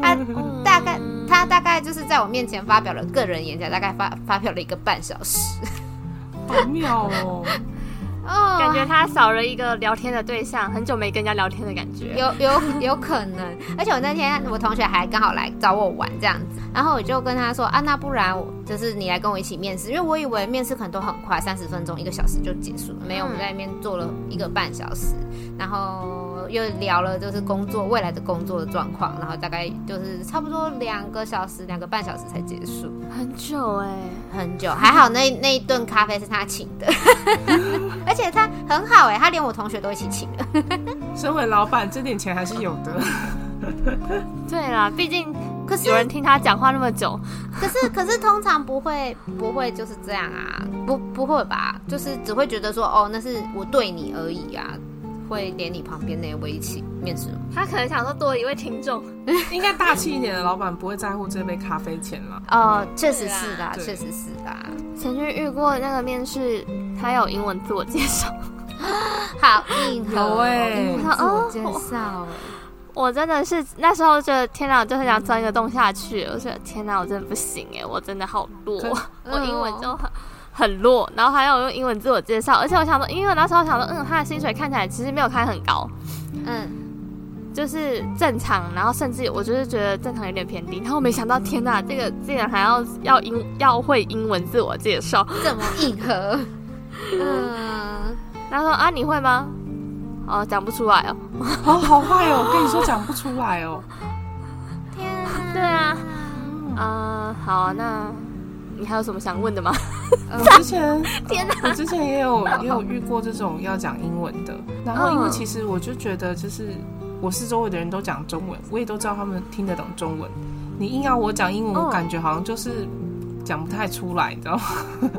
他大概他大概就是在我面前發表了個人演講，大概發發表了一個半小時，好妙哦！哦，感覺他少了一個聊天的對象，很久沒跟人家聊天的感覺。有有有可能，而且我那天我同學還剛好來找我玩，這樣子。然後我就跟他說啊，那不然我就是你來跟我一起面試，因為我以為面試可能都很快，三十分鐘、一個小時就結束。沒有，我們在那邊坐了一個半小時、嗯，然後又聊了就是工作未來的工作狀況，然後大概就是差不多兩個小時、兩個半小時才結束。很久哎、欸，很久，還好那那一頓咖啡是他請的， [laughs] 而且他很好哎、欸，他連我同學都一起請了。 [laughs] 身為老闆，這點錢還是有的。 [laughs] 對啦，畢竟。可是有人聽他講話那麼久，可是可是通常不會 [laughs] 不會就是這樣啊，不不會吧？就是只會覺得說哦，那是我對你而已啊，會連你旁邊那位一起面試、嗯。他可能想說多一位聽眾，應該大氣一點的 [laughs] 老闆不會在乎這杯咖啡錢啦。哦、呃，確、嗯、實是的、啊，確實是的、啊。曾經遇過那個面試，他有英文自我介紹，好硬，好，哎，好、欸哦，自我介紹。哦哦我真的是那時候覺得天哪、啊、就很想鑽一個洞下去。我覺得天吶、啊，我真的不行誒、欸，我真的好弱，呃哦、我英文就很很弱。然後還要用英文自我介紹，而且我想說英文，因為那時候我想說，嗯，他的薪水看起來其實沒有開很高，嗯，就是正常，然後甚至我就是覺得正常有點偏低。然後我沒想到，天吶、啊，這個竟然還要要英要會英文自我介紹，這麼硬核。嗯、 [laughs] 呃，然後說啊，你會嗎？哦，講不出來哦！哦，好壞哦！ [laughs] 我跟你說，講不出來哦。天、啊，對啊，啊、呃，好啊，那你還有什麼想問的嗎？ [laughs] 我之前，天吶、啊呃，我之前也有也有遇過這種要講英文的、 [laughs] 嗯，然後因為其實我就覺得，就是我是周圍的人都講中文，我也都知道他們聽得懂中文，你硬要我講英文、嗯，我感覺好像就是講不太出來，你知道嗎？嗯、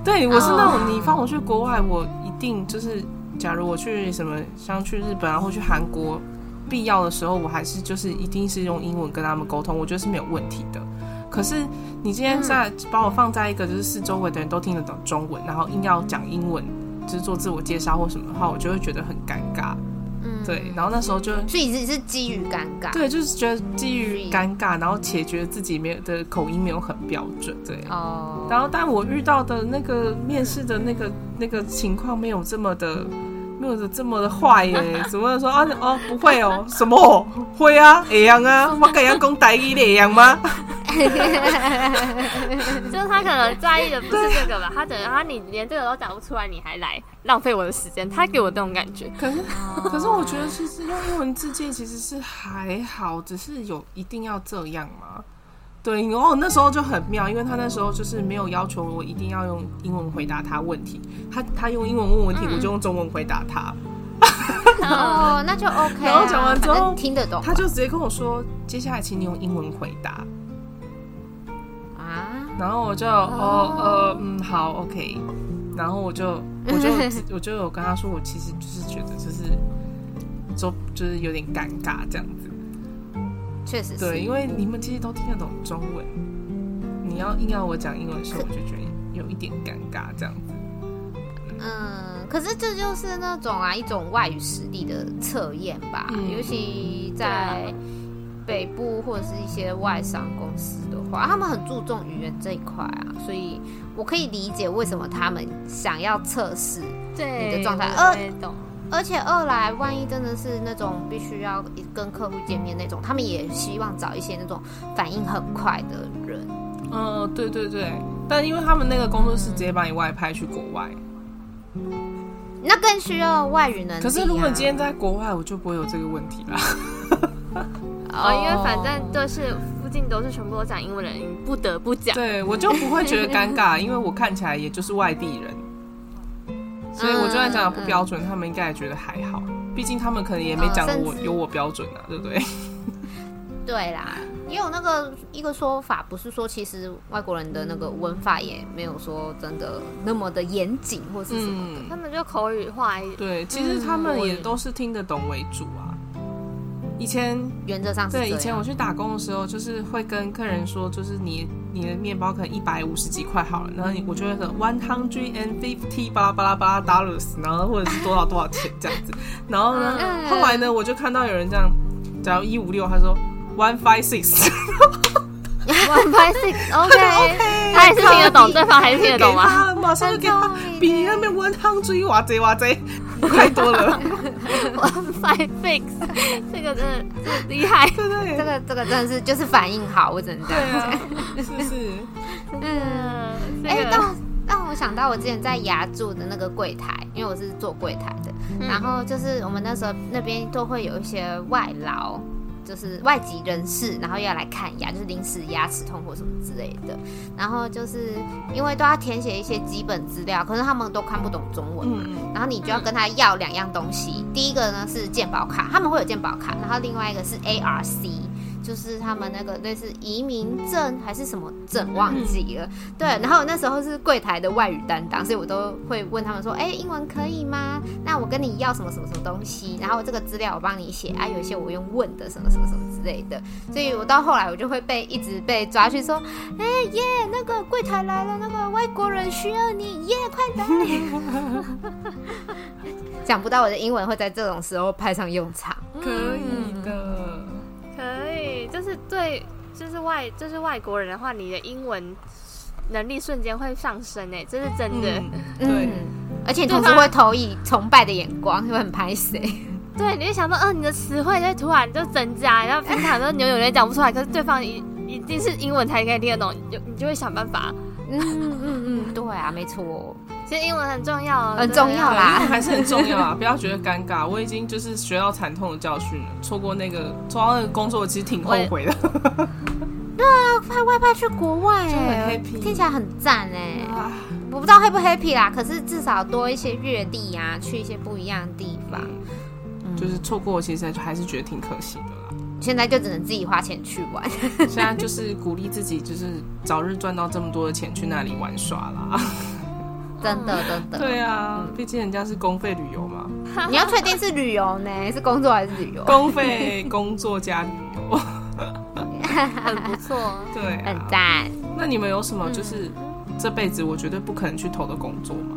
[laughs] 對我是那種，你放我去國外，我一定就是。假如我去什麼，像去日本然後去韓國，必要的時候我還是就是一定是用英文跟他們溝通，我覺得是沒有問題的。可是你今天在、嗯、把我放在一個就是四周圍的人都聽得懂中文，然後硬要講英文，就是做自我介紹或什麼的話，我就會覺得很尷尬。對，然後那時候就所以是是基於尷尬，對，就是覺得基於尷尬，然後且覺得自己沒有的口音沒有很標準，對。哦，然後但我遇到的那個面試的那個那個情況沒有這麼的，沒有的這麼的壞耶。怎麼說啊？哦，不會哦， [laughs] 什麼會啊？一樣啊，我這樣講台語的會嗎？ [laughs] [laughs] [laughs] 就是他可能在意的不是這個吧？他覺得他你連這個都講不出來，你還來浪費我的時間，他給我這種感覺。可是、Oh. 可是，我覺得其實用英文字鍵其實是還好，只是有一定要這樣嗎？對哦，然後那時候就很妙，因為他那時候就是沒有要求我一定要用英文回答他問題，他他用英文問問題，我就用中文回答他。哦，那就 OK。然後講完之後聽得懂，他就直接跟我說：“接下來，請你用英文回答。”然後我就哦，哦呃嗯好 OK，然後我就我就我就有跟他說，我其實就是覺得就是，就就是有點尷尬這樣子。確實是，對，因為你們其實都聽得懂中文，你要硬要我講英文的時候，我就覺得有一點尷尬這樣子。嗯，可是這就是那種啊一種外語實力的測驗吧，嗯，尤其在、啊。北部或者是一些外商公司的話，他們很注重語言這一塊啊，所以我可以理解為什麼他們想要測試你的狀態。而且二來，萬一真的是那種必須要跟客戶見面那種，他們也希望找一些那種反應很快的人。嗯、呃，對對對，但因為他們那個工作室直接把你外派去國外，嗯、那更需要的外語能力、啊。可是如果你今天在國外，我就不會有這個問題了。 [laughs] 哦，因為反正都是附近都是全部都講英文的人，不得不講。對，我就不會覺得尷尬， [laughs] 因為我看起來也就是外地人，所以我就算講得不標準，嗯、他們應該也覺得還好。畢竟他們可能也沒講過我、嗯、有我標準啊，對不對？對啦，也有那個一個說法，不是說其實外國人的那個文法也沒有說真的那麼的嚴謹，或是什麼的、嗯，他們就口語化一點。對，其實他們也都是聽得懂為主啊。以前原則上對，以前我去打工的時候，就是會跟客人說，就是你、嗯、你的面包可能一百五十幾塊好了，嗯、然後你我就會說 one hundred and fifty 巴拉巴拉巴拉 dollars，然後或者是多少多少錢這樣子， [laughs] 然後呢、啊，後來呢，我就看到有人這樣，假如一五六，他說 one five six，one five six，OK，他還是聽得懂， [laughs] 得懂 [laughs] 對方還是聽得懂嗎？馬上就給他，比你那邊 one hundred 哇賊哇賊。太 [laughs] 快多了！哇塞，fix，這個真的，真的，真的厲害，這個這個真的是就是反應好，我真的這樣對、啊、是，是的，嗯，哎、這個，讓、欸、讓我想到我之前在牙住的那個櫃台，因為我是做櫃台的，嗯、然後就是我們那時候那邊都會有一些外勞。就是外籍人士，然後要來看牙，就是臨時牙齒痛或什麼之類的。然後就是因為都要填寫一些基本資料，可是他們都看不懂中文嘛。然後你就要跟他要兩樣東西，第一個呢是健保卡，他們會有健保卡，然後另外一個是 ARC，就是他們那個類似移民證還是什麼。正忘記了，對，然後那時候是櫃檯的外語擔當，所以我都會問他們說：“哎、欸，英文可以嗎？那我跟你要什麼什麼什麼東西，然後這個資料我幫你寫啊，有些我用問的什麼什麼什麼之類的，所以我到後來我就會被一直被抓去說：哎、欸、耶，yeah, 那個櫃檯來了，那個外國人需要你耶，yeah, 快點！講 [laughs] 不到我的英文會在這種時候派上用場，可以的，嗯、可以，就是對。”就是外，就是外國人的話，你的英文能力瞬間會上升誒、欸，這是真的。嗯、對、嗯，而且對方會投以崇拜的眼光，會很拍手。對，你會想到，嗯、哦，你的詞彙在突然就增加，然後平常都扭扭捏捏講不出來， [laughs] 可是對方一一定是英文，才可以聽得懂，你就你就會想辦法。 [laughs] 嗯嗯嗯，對啊，沒錯，其實英文很重要，很重要啦、啊，還是很重要啊！不要覺得尷尬， [laughs] 我已經就是學到慘痛的教訓了，錯過那個，做完那個工作，我其實挺後悔的。 [laughs] 對啊，拍外派去國外、欸，很 happy，聽起來很贊哎、欸！我不知道 happy 不 happy 啦，可是至少多一些閱歷啊，去一些不一樣的地方。嗯嗯、就是錯過，其實還是覺得挺可惜的。現在就只能自己花錢去玩。 [laughs] 現在就是鼓勵自己，就是早日賺到這麼多的錢去那裡玩耍啦。 [laughs] 真的，真的、啊。對啊，畢竟人家是公費旅遊嘛。 [laughs] 你要確定是旅遊呢，是工作還是旅遊？公費工作加旅遊，很不錯啊，對啊。對，很讚。那你們有什麼就是這輩子我絕對不可能去投的工作嗎？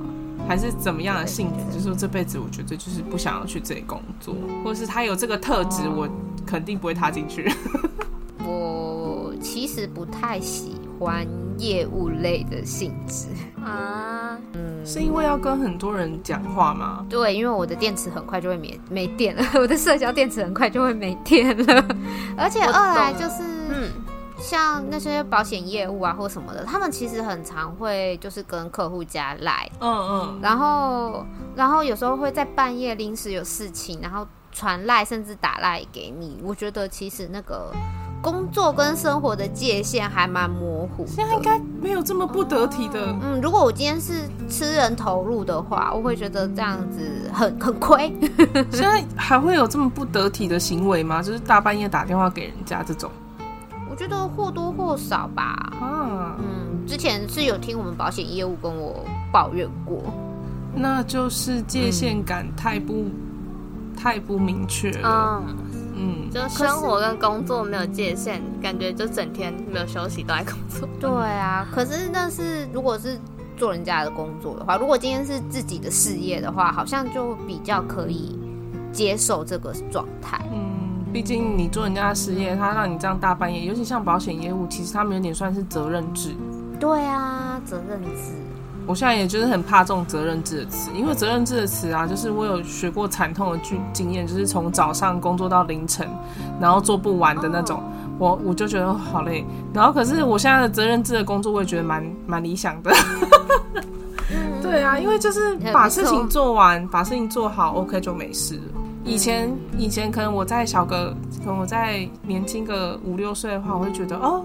還是怎麼樣的性質？輩就是說，這輩子我覺得就是不想要去這裡工作，或者是他有這個特質我、哦。肯定不會踏進去。 [laughs] 我其實不太喜歡業務類的性質啊，嗯，是因為要跟很多人講話嗎？對，因為我的電池很快就會沒沒電了， [laughs] 我的社交電池很快就會沒電了。 [laughs] 而且二來就是，嗯，像那些保險業務啊或什麼的，他們其實很常會就是跟客戶家來，嗯嗯，然後然後有時候會在半夜臨時有事情，然後。傳賴甚至打賴給你，我覺得其實那個工作跟生活的界限還蠻模糊。現在應該沒有這麼不得體的嗯。嗯，如果我今天是吃人頭路的話，我會覺得這樣子很很虧。現在還會有這麼不得體的行為嗎？就是大半夜打電話給人家這種。我覺得或多或少吧。啊、嗯，之前是有聽我們保險業務跟我抱怨過，那就是界限感太不。嗯太不明確了嗯，嗯，就是生活跟工作沒有界限，感覺就整天沒有休息都在工作，嗯。對啊，可是那是如果是做人家的工作的話，如果今天是自己的事業的話，好像就比較可以接受這個狀態。嗯，畢竟你做人家的事業，他讓你這樣大半夜，尤其像保險業務，其實他們有點算是責任制。對啊，責任制。我現在也就是很怕這種責任制的詞，因為責任制的詞啊，就是我有學過慘痛的經經驗，就是從早上工作到凌晨，然後做不完的那種，我我就覺得好累。然後可是我現在的責任制的工作，我也覺得蠻蠻理想的。 [laughs] 對啊，因為就是把事情做完，把事情做好，OK 就沒事了。以前以前可能我在小個，可能我在年輕個五六歲的話，我會覺得哦。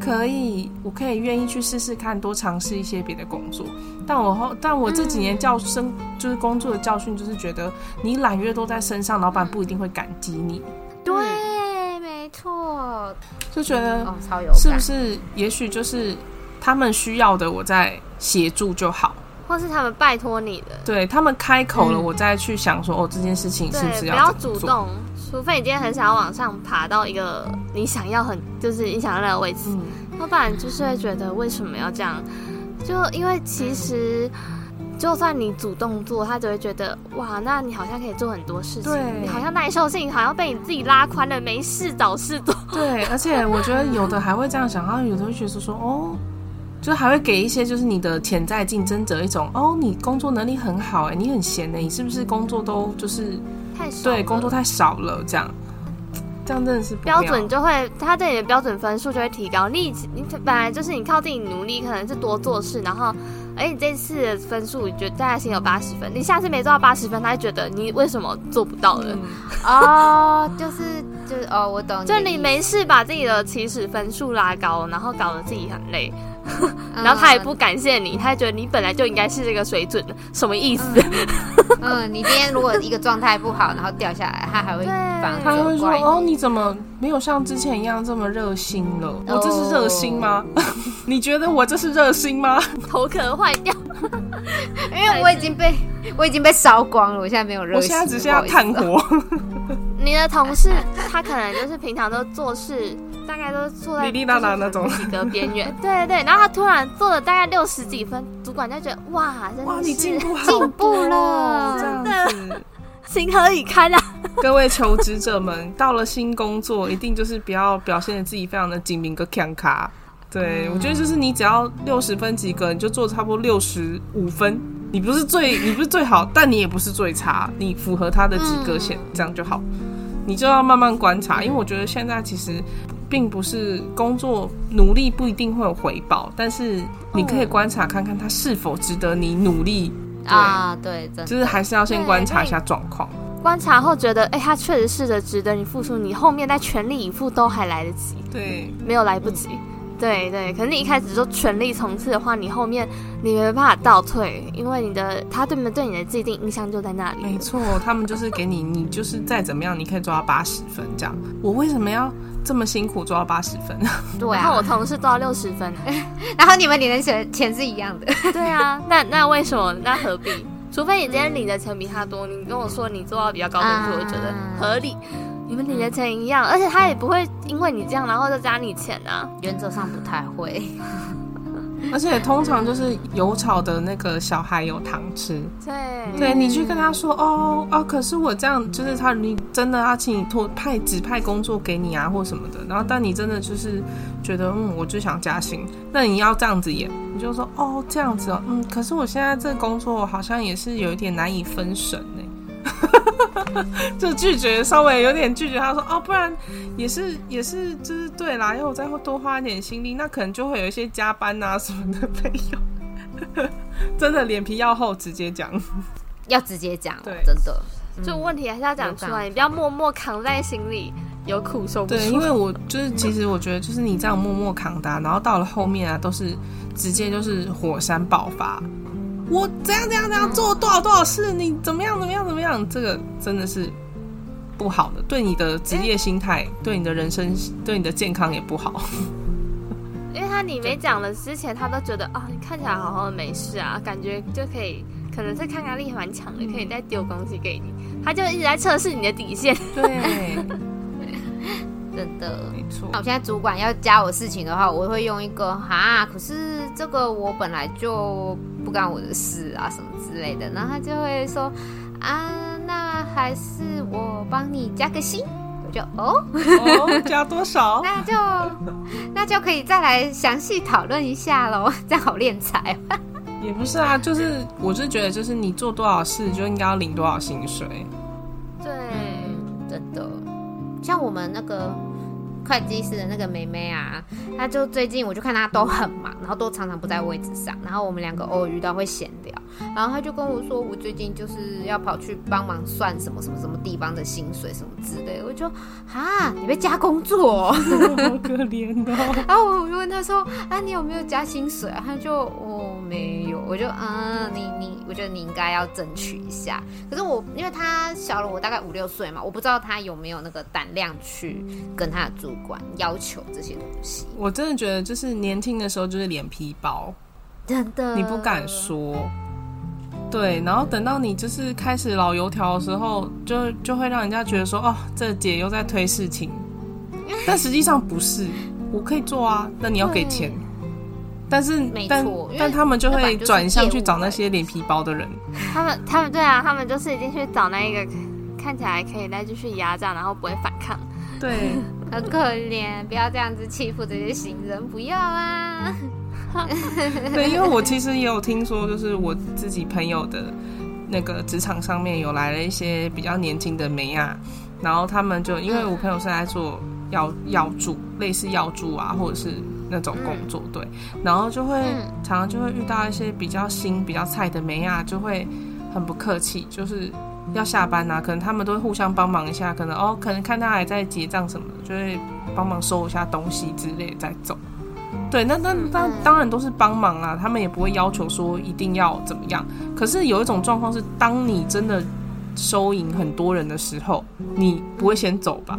可以，我可以願意去試試看，多嘗試一些別的工作。但我後，但我這幾年教生、嗯、就是工作的教訓，就是覺得你攬越多在身上，老闆不一定會感激你。對，嗯、沒錯。就覺得，是不是？也許就是他們需要的，我再協助就好，或是他們拜託你的，對，他們開口了，我再去想說、嗯、哦，這件事情是不是要，不要主動？要除非你今天很想要往上爬到一個你想要很就是你想要那個位置，要不然就是會覺得為什麼要這樣？就因為其實就算你主動做，嗯、他只會覺得哇，那你好像可以做很多事情，對你好像耐受性好像被你自己拉寬了，沒事找事做。對， [laughs] 而且我覺得有的還會這樣想，然後有的會覺得說哦，就還會給一些就是你的潛在競爭者一種哦，你工作能力很好哎、欸，你很閒的、欸，你是不是工作都就是。對，工作太少了，這樣，這樣真的是標準就會，他對你的標準分數就會提高。你你本來就是你靠自己努力，可能是多做事，然後，哎、欸，你這次的分數你覺得大概先有八十分，你下次沒做到八十分，他就覺得你為什麼做不到了？哦、嗯，uh, 就是。 [laughs] 就哦，我懂，就你沒事把自己的起始分數拉高，然後搞得自己很累，嗯、然後他也不感謝你，他覺得你本來就應該是這個水準，什麼意思？嗯， [laughs] 嗯，你今天如果一個狀態不好，然後掉下來，他還會反。他還會說哦，你怎麼沒有像之前一樣這麼熱心了？嗯、我這是熱心嗎？ [laughs] 你覺得我這是熱心嗎？頭殼壞掉， [laughs] 因為我已經被我已經被燒光了，我現在沒有熱心，我現在只是要看火。 [laughs] 你的同事、哎哎、他可能就是平常都做事 [laughs] 大概都坐在滴滴答答那種及格邊緣， [laughs] 對對對。然後他突然做了大概六十幾分，主管就覺得哇，真的是哇，你進步進步了，真的，情何以堪啊！ [laughs] 各位求職者們，到了新工作一定就是不要表現得自己非常的精明跟強卡。對、嗯、我覺得就是你只要六十分及格，你就做差不多六十五分，你不是最你不是最好， [laughs] 但你也不是最差，你符合他的及格線、嗯，這樣就好。你就要慢慢觀察，因為我覺得現在其實並不是工作努力不一定會有回報，但是你可以觀察看看他是否值得你努力。哦、啊，對，就是還是要先觀察一下狀況。觀察後覺得，哎、欸，他確實是的，值得你付出，你後面再全力以赴都還來得及。對，沒有來不及。嗯。對對，可是你一開始就全力衝刺的話，你後面你沒辦法倒退，因為你的他對你們對你的既定印象就在那裡。沒錯，他們就是給你，你就是再怎麼樣，你可以抓到八十分這樣。我為什麼要這麼辛苦抓到八十分？對啊，啊我同事抓到六十分， [laughs] [laughs] 然後你們領的錢是一樣的。對啊，那那為什麼？那何必？除非你今天領的錢比他多、嗯，你跟我說你做到比較高的工資，我覺得合理。你們領的錢一樣，而且他也不會因為你這樣，然後就加你錢啊。原則上不太會，而且通常就是有吵的那個小孩有糖吃。對，對你去跟他說、嗯、哦哦、啊，可是我這樣就是他你真的要請你托派指派工作給你啊，或什麼的。然後但你真的就是覺得嗯，我就想加薪，那你要這樣子演，你就說哦這樣子哦，嗯，可是我現在這個工作好像也是有一點難以分神呢、欸。 [laughs] 就拒絕，稍微有點拒絕。他說：“哦，不然也是也是，就是對啦。然後我再會多花一點心力，那可能就會有一些加班啊什麼的費用。 [laughs] ”真的臉皮要厚，直接講，要直接講。對，真的，就問題還是要講出來、嗯，你不要默默扛在心裡，嗯、有苦受不。對，因為我就是其實我覺得，就是你這樣默默扛的、啊，然後到了後面啊，都是直接就是火山爆發。我怎樣怎樣怎樣做多少多少事？你怎麼樣怎麼樣怎麼樣？這個真的是不好的，對你的職業心態、欸、對你的人生、對你的健康也不好。因為他你沒講了之前，他都覺得啊，你看起來好好的沒事啊，感覺就可以，可能是抗壓力還蠻強的，可以再丟東西給你。他就一直在測試你的底線。對。 [laughs] 真的，沒錯。那我現在主管要加我事情的話，我會用一個哈，可是這個我本來就不干我的事啊，什麼之類的。然後他就會說啊，那還是我幫你加個薪，我就哦，哦，加多少？ [laughs] 那就那就可以再來詳細討論一下嘍，這樣好斂財。 [laughs] 也不是啊，就是我是覺得，就是你做多少事就應該要領多少薪水。對，真的。像我們那個會計師的那個妹妹啊，她就最近我就看她都很忙，然後都常常不在位置上，然後我們兩個偶爾遇到會閒聊，然後她就跟我說，我最近就是要跑去幫忙算什麼什麼什麼地方的薪水什麼之類的，我就，哈、啊，你被加工作、哦， [laughs] 好可憐哦。然後我就問她說，啊，你有沒有加薪水、啊？她就，我。沒有，我就啊、嗯。你你，我覺得你應該要爭取一下。可是我，因為他小了我大概五六歲嘛，我不知道他有沒有那個膽量去跟他的主管要求這些東西。我真的覺得，就是年輕的時候就是臉皮薄，真的，你不敢說。對，然後等到你就是開始老油條的時候，就就會讓人家覺得說，哦，這姐又在推事情， [laughs] 但實際上不是，我可以做啊，那你要給錢。但是，但但他們就會轉向去找那些臉皮薄的人。他們，他們對啊，他們就是已經去找那一個看起來可以再繼續壓榨，然後不會反抗。對， [laughs] 很可憐，不要這樣子欺負這些新人，不要啊！ [laughs] 對，因為我其實也有聽說，就是我自己朋友的那個職場上面有來了一些比較年輕的妹啊。然後他們就因為我朋友是在做藥藥助，類似藥助啊，或者是。那種工作對，然後就會常常就會遇到一些比較新、比較菜的妹啊，就會很不客氣，就是要下班啊。可能他們都會互相幫忙一下，可能哦，可能看他還在結賬什麼的，就會幫忙收一下東西之類再走。對，那那那當然都是幫忙啊，他們也不會要求說一定要怎麼樣。可是有一種狀況是，當你真的收銀很多人的時候，你不會先走吧？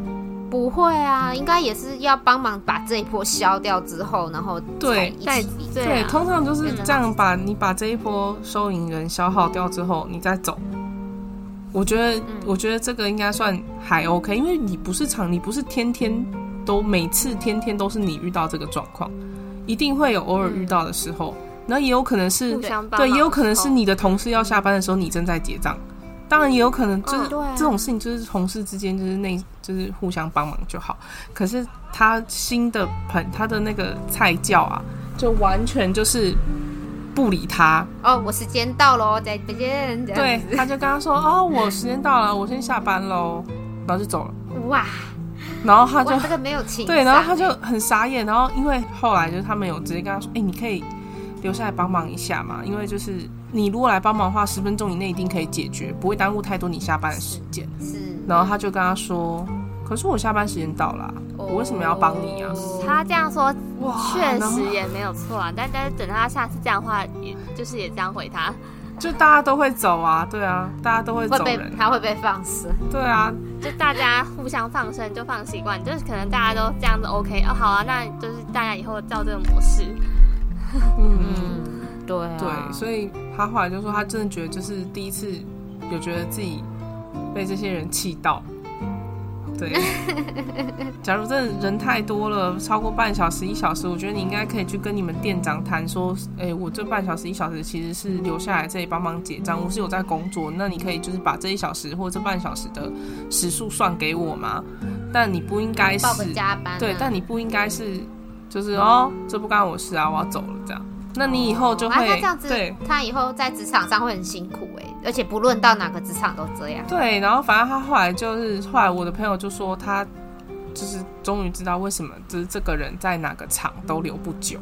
不會啊，應該也是要幫忙把這一波消掉之後，然後對，再對，對，通常就是這樣，把你把這一波收銀人消耗掉之後，你再走。我覺得，我覺得這個應該算還 OK，因為你不是常，你不是天天都每次天天都是你遇到這個狀況，一定會有偶爾遇到的時候，嗯，然後也有可能是互相幫，對，對，對，也有可能是你的同事要下班的時候，你正在結賬。當然也有可能，就是這種事情，就是同事之間，就是那、哦啊，就是互相幫忙就好。可是他新的朋，他的那個菜教啊，就完全就是不理他。哦，我時間到了，再見。對，他就跟他說：“ [laughs] 哦，我時間到了，我先下班嘍。”然後就走了。哇！然後他就這個沒有情商耶。對，然後他就很傻眼。然後因為後來就是他們有直接跟他說：“哎、欸，你可以留下來幫忙一下嘛，因為就是。”你如果來幫忙的話，十分鐘以內一定可以解決，不會耽誤太多你下班的時間。是。然後他就跟他說：“可是我下班時間到了啊，oh, 我為什麼要幫你啊？”他這樣說，確實也沒有錯啊。但但是等他下次這樣的話，也就是也這樣回他，就大家都會走啊，對啊，大家都會走，會被，他會被放肆。對啊，就大家互相放生就放習慣，就是可能大家都這樣子 OK 哦，好啊，那就是大家以後照這個模式，嗯， [laughs] 對啊，對，所以。他後來就說：“他真的覺得就是第一次有覺得自己被這些人氣到。”對，假如真的人太多了，超過半小時一小時，我覺得你應該可以去跟你們店長談說：“哎，我這半小時一小時其實是留下來這裡幫忙結賬，我是有在工作。那你可以就是把這一小時或者這半小時的時數算給我嗎？但你不應該是對，但你不應該是就是哦、喔，這不關我事啊，我要走了這樣。”那你以後就會，哦，啊，他這樣子，對，他以後在職場上會很辛苦誒、欸，而且不論到哪個職場都這樣。對，然後反正他後來就是，後來我的朋友就說他，就是終於知道為什麼，就是這個人在哪個廠都留不久。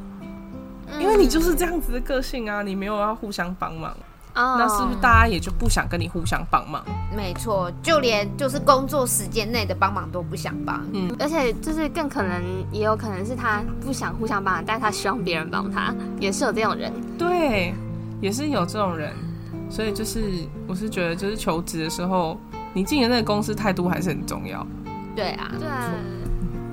嗯，因為你就是這樣子的個性啊，你沒有要互相幫忙。Oh, 那是不是大家也就不想跟你互相幫忙？沒錯，就連就是工作時間內的幫忙都不想幫。嗯，而且就是更可能，也有可能是他不想互相幫忙，但他希望別人幫他，也是有這種人。對，也是有這種人。所以就是，我是覺得，就是求職的時候，你進的那個公司態度還是很重要。對啊，對啊。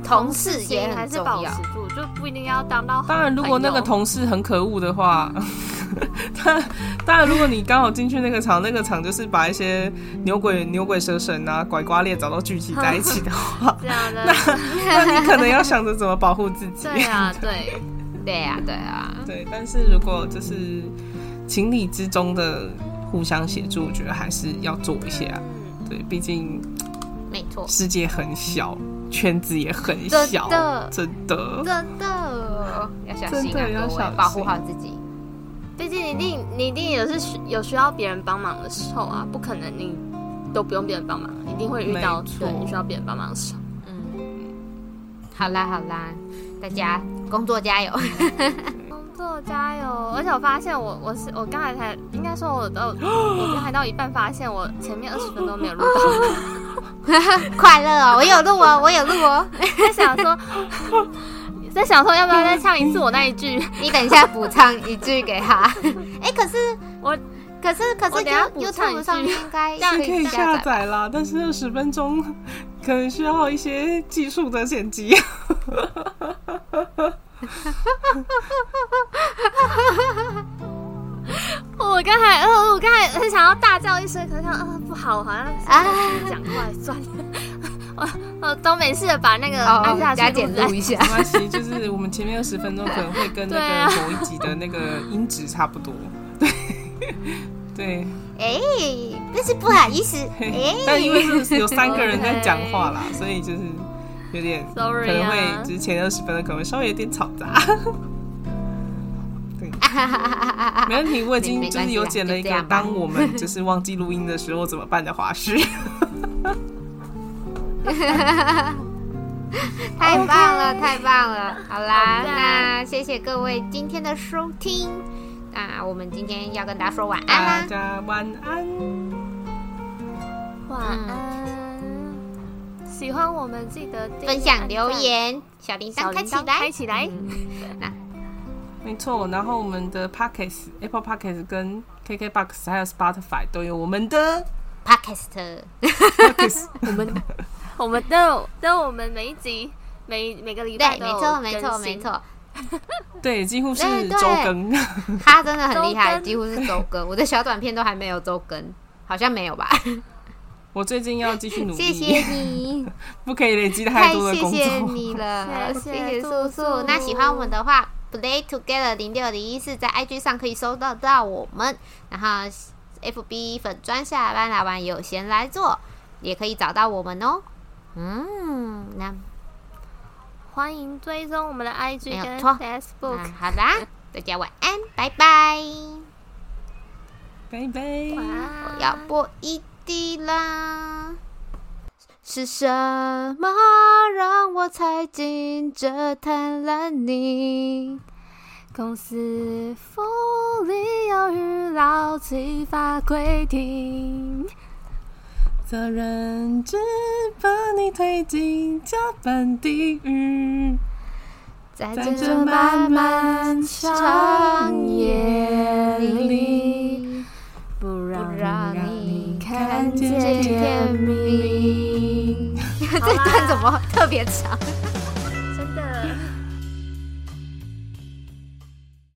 同事也還是保持住，就不一定要當到。當然，如果那個同事很可惡的話，嗯、 [laughs] 當然，當然如果你剛好進去那個場、嗯，那個場就是把一些牛鬼、嗯、牛鬼蛇神啊、拐瓜裂找到聚集在一起的話，呵呵呵那、嗯、那，那你可能要想着怎麼保護自己。 [laughs] 對啊對，對，對啊，對啊，對。但是如果就是情理之中的互相協助，我覺得還是要做一些、啊。嗯，對，畢竟沒錯，世界很小。嗯圈子也很小，真的，真的，真的，要小心啊，要小心，各位，保護好自己。畢竟你一定，嗯、你一定也是有需要別人幫忙的時候啊，不可能你都不用別人幫忙，一定會遇到對你需要別人幫忙的時候。嗯，好啦，好啦，大家、嗯、工作加油， [laughs] 工作加油。而且我發現我，我是我是我剛才才應該說我都，我都已經才到一半，發現我前面二十分鐘沒有錄到。啊 [laughs] 快樂哦！我有錄哦，我有錄哦。在想說，在想說要不要再唱一次我那一句？ [laughs] 你等一下補唱一句給他。哎，可是我，可是可是你要補唱一句，這樣可以下載了。但是這十分鐘可能需要一些技術的剪輯。 [laughs] [laughs] [laughs] [laughs] 我剛才，呃、我剛才很想要大叫一聲，可是看，啊、呃，不好，好像是在講話，算、啊、了，我呃都沒事把那個大、哦、給大家簡錄一下。其實就是我們前面二十分鐘可能會跟那個某一集的那個音質差不多， [laughs] 對、啊、對。哎，但、欸、是不好意思，哎、欸，但因為是有三個人在講話啦，okay。所以就是有點，sorry，、啊、可能會之、就是、前二十分鐘可能會稍微有點吵雜。沒問題，我已經就是有剪了一個 [laughs] 當我們就是忘記錄音的時候怎麼辦的花絮， [laughs] [laughs] 太棒了，太棒了！好啦，好，那謝謝各位今天的收聽，那我們今天要跟大家說晚安啦、啊，大家晚安，晚安！喜歡我們記得、記得、記得分享、留言、小鈴鐺開起來，開起來。嗯、那。沒錯，然後我們的 Podcast、嗯、Apple Podcast 跟 KKBOX 還有 Spotify 都有我們的 Podcast， [laughs] 我們我們的， [laughs] 都有我們每一集每每個禮拜都有對，沒錯沒錯沒錯，對，幾乎是周更，他真的很厲害，幾乎是周更，我的小短片都還沒有周更，好像沒有吧？我最近要繼續努力， [laughs] 謝謝你， [laughs] 不可以累積太多的，太謝謝你了，謝謝素素。 [laughs] 那喜歡我們的話。Play Together 零六零一四在 IG 上可以搜得到，到我們，然後 FB 粉專下班來玩有閒來坐，也可以找到我們哦。嗯，那歡迎追蹤我們的 IG 跟 Facebook。沒錯，好啦，大家晚安，拜拜，拜拜。我要播 ED 啦。是什麼讓我踩進這灘爛泥？公司福利優於勞基法規定，責任制把你推進加班地獄。在這漫漫長夜裡，不讓你看見黎明。啊、這段怎麼特別長？ [laughs]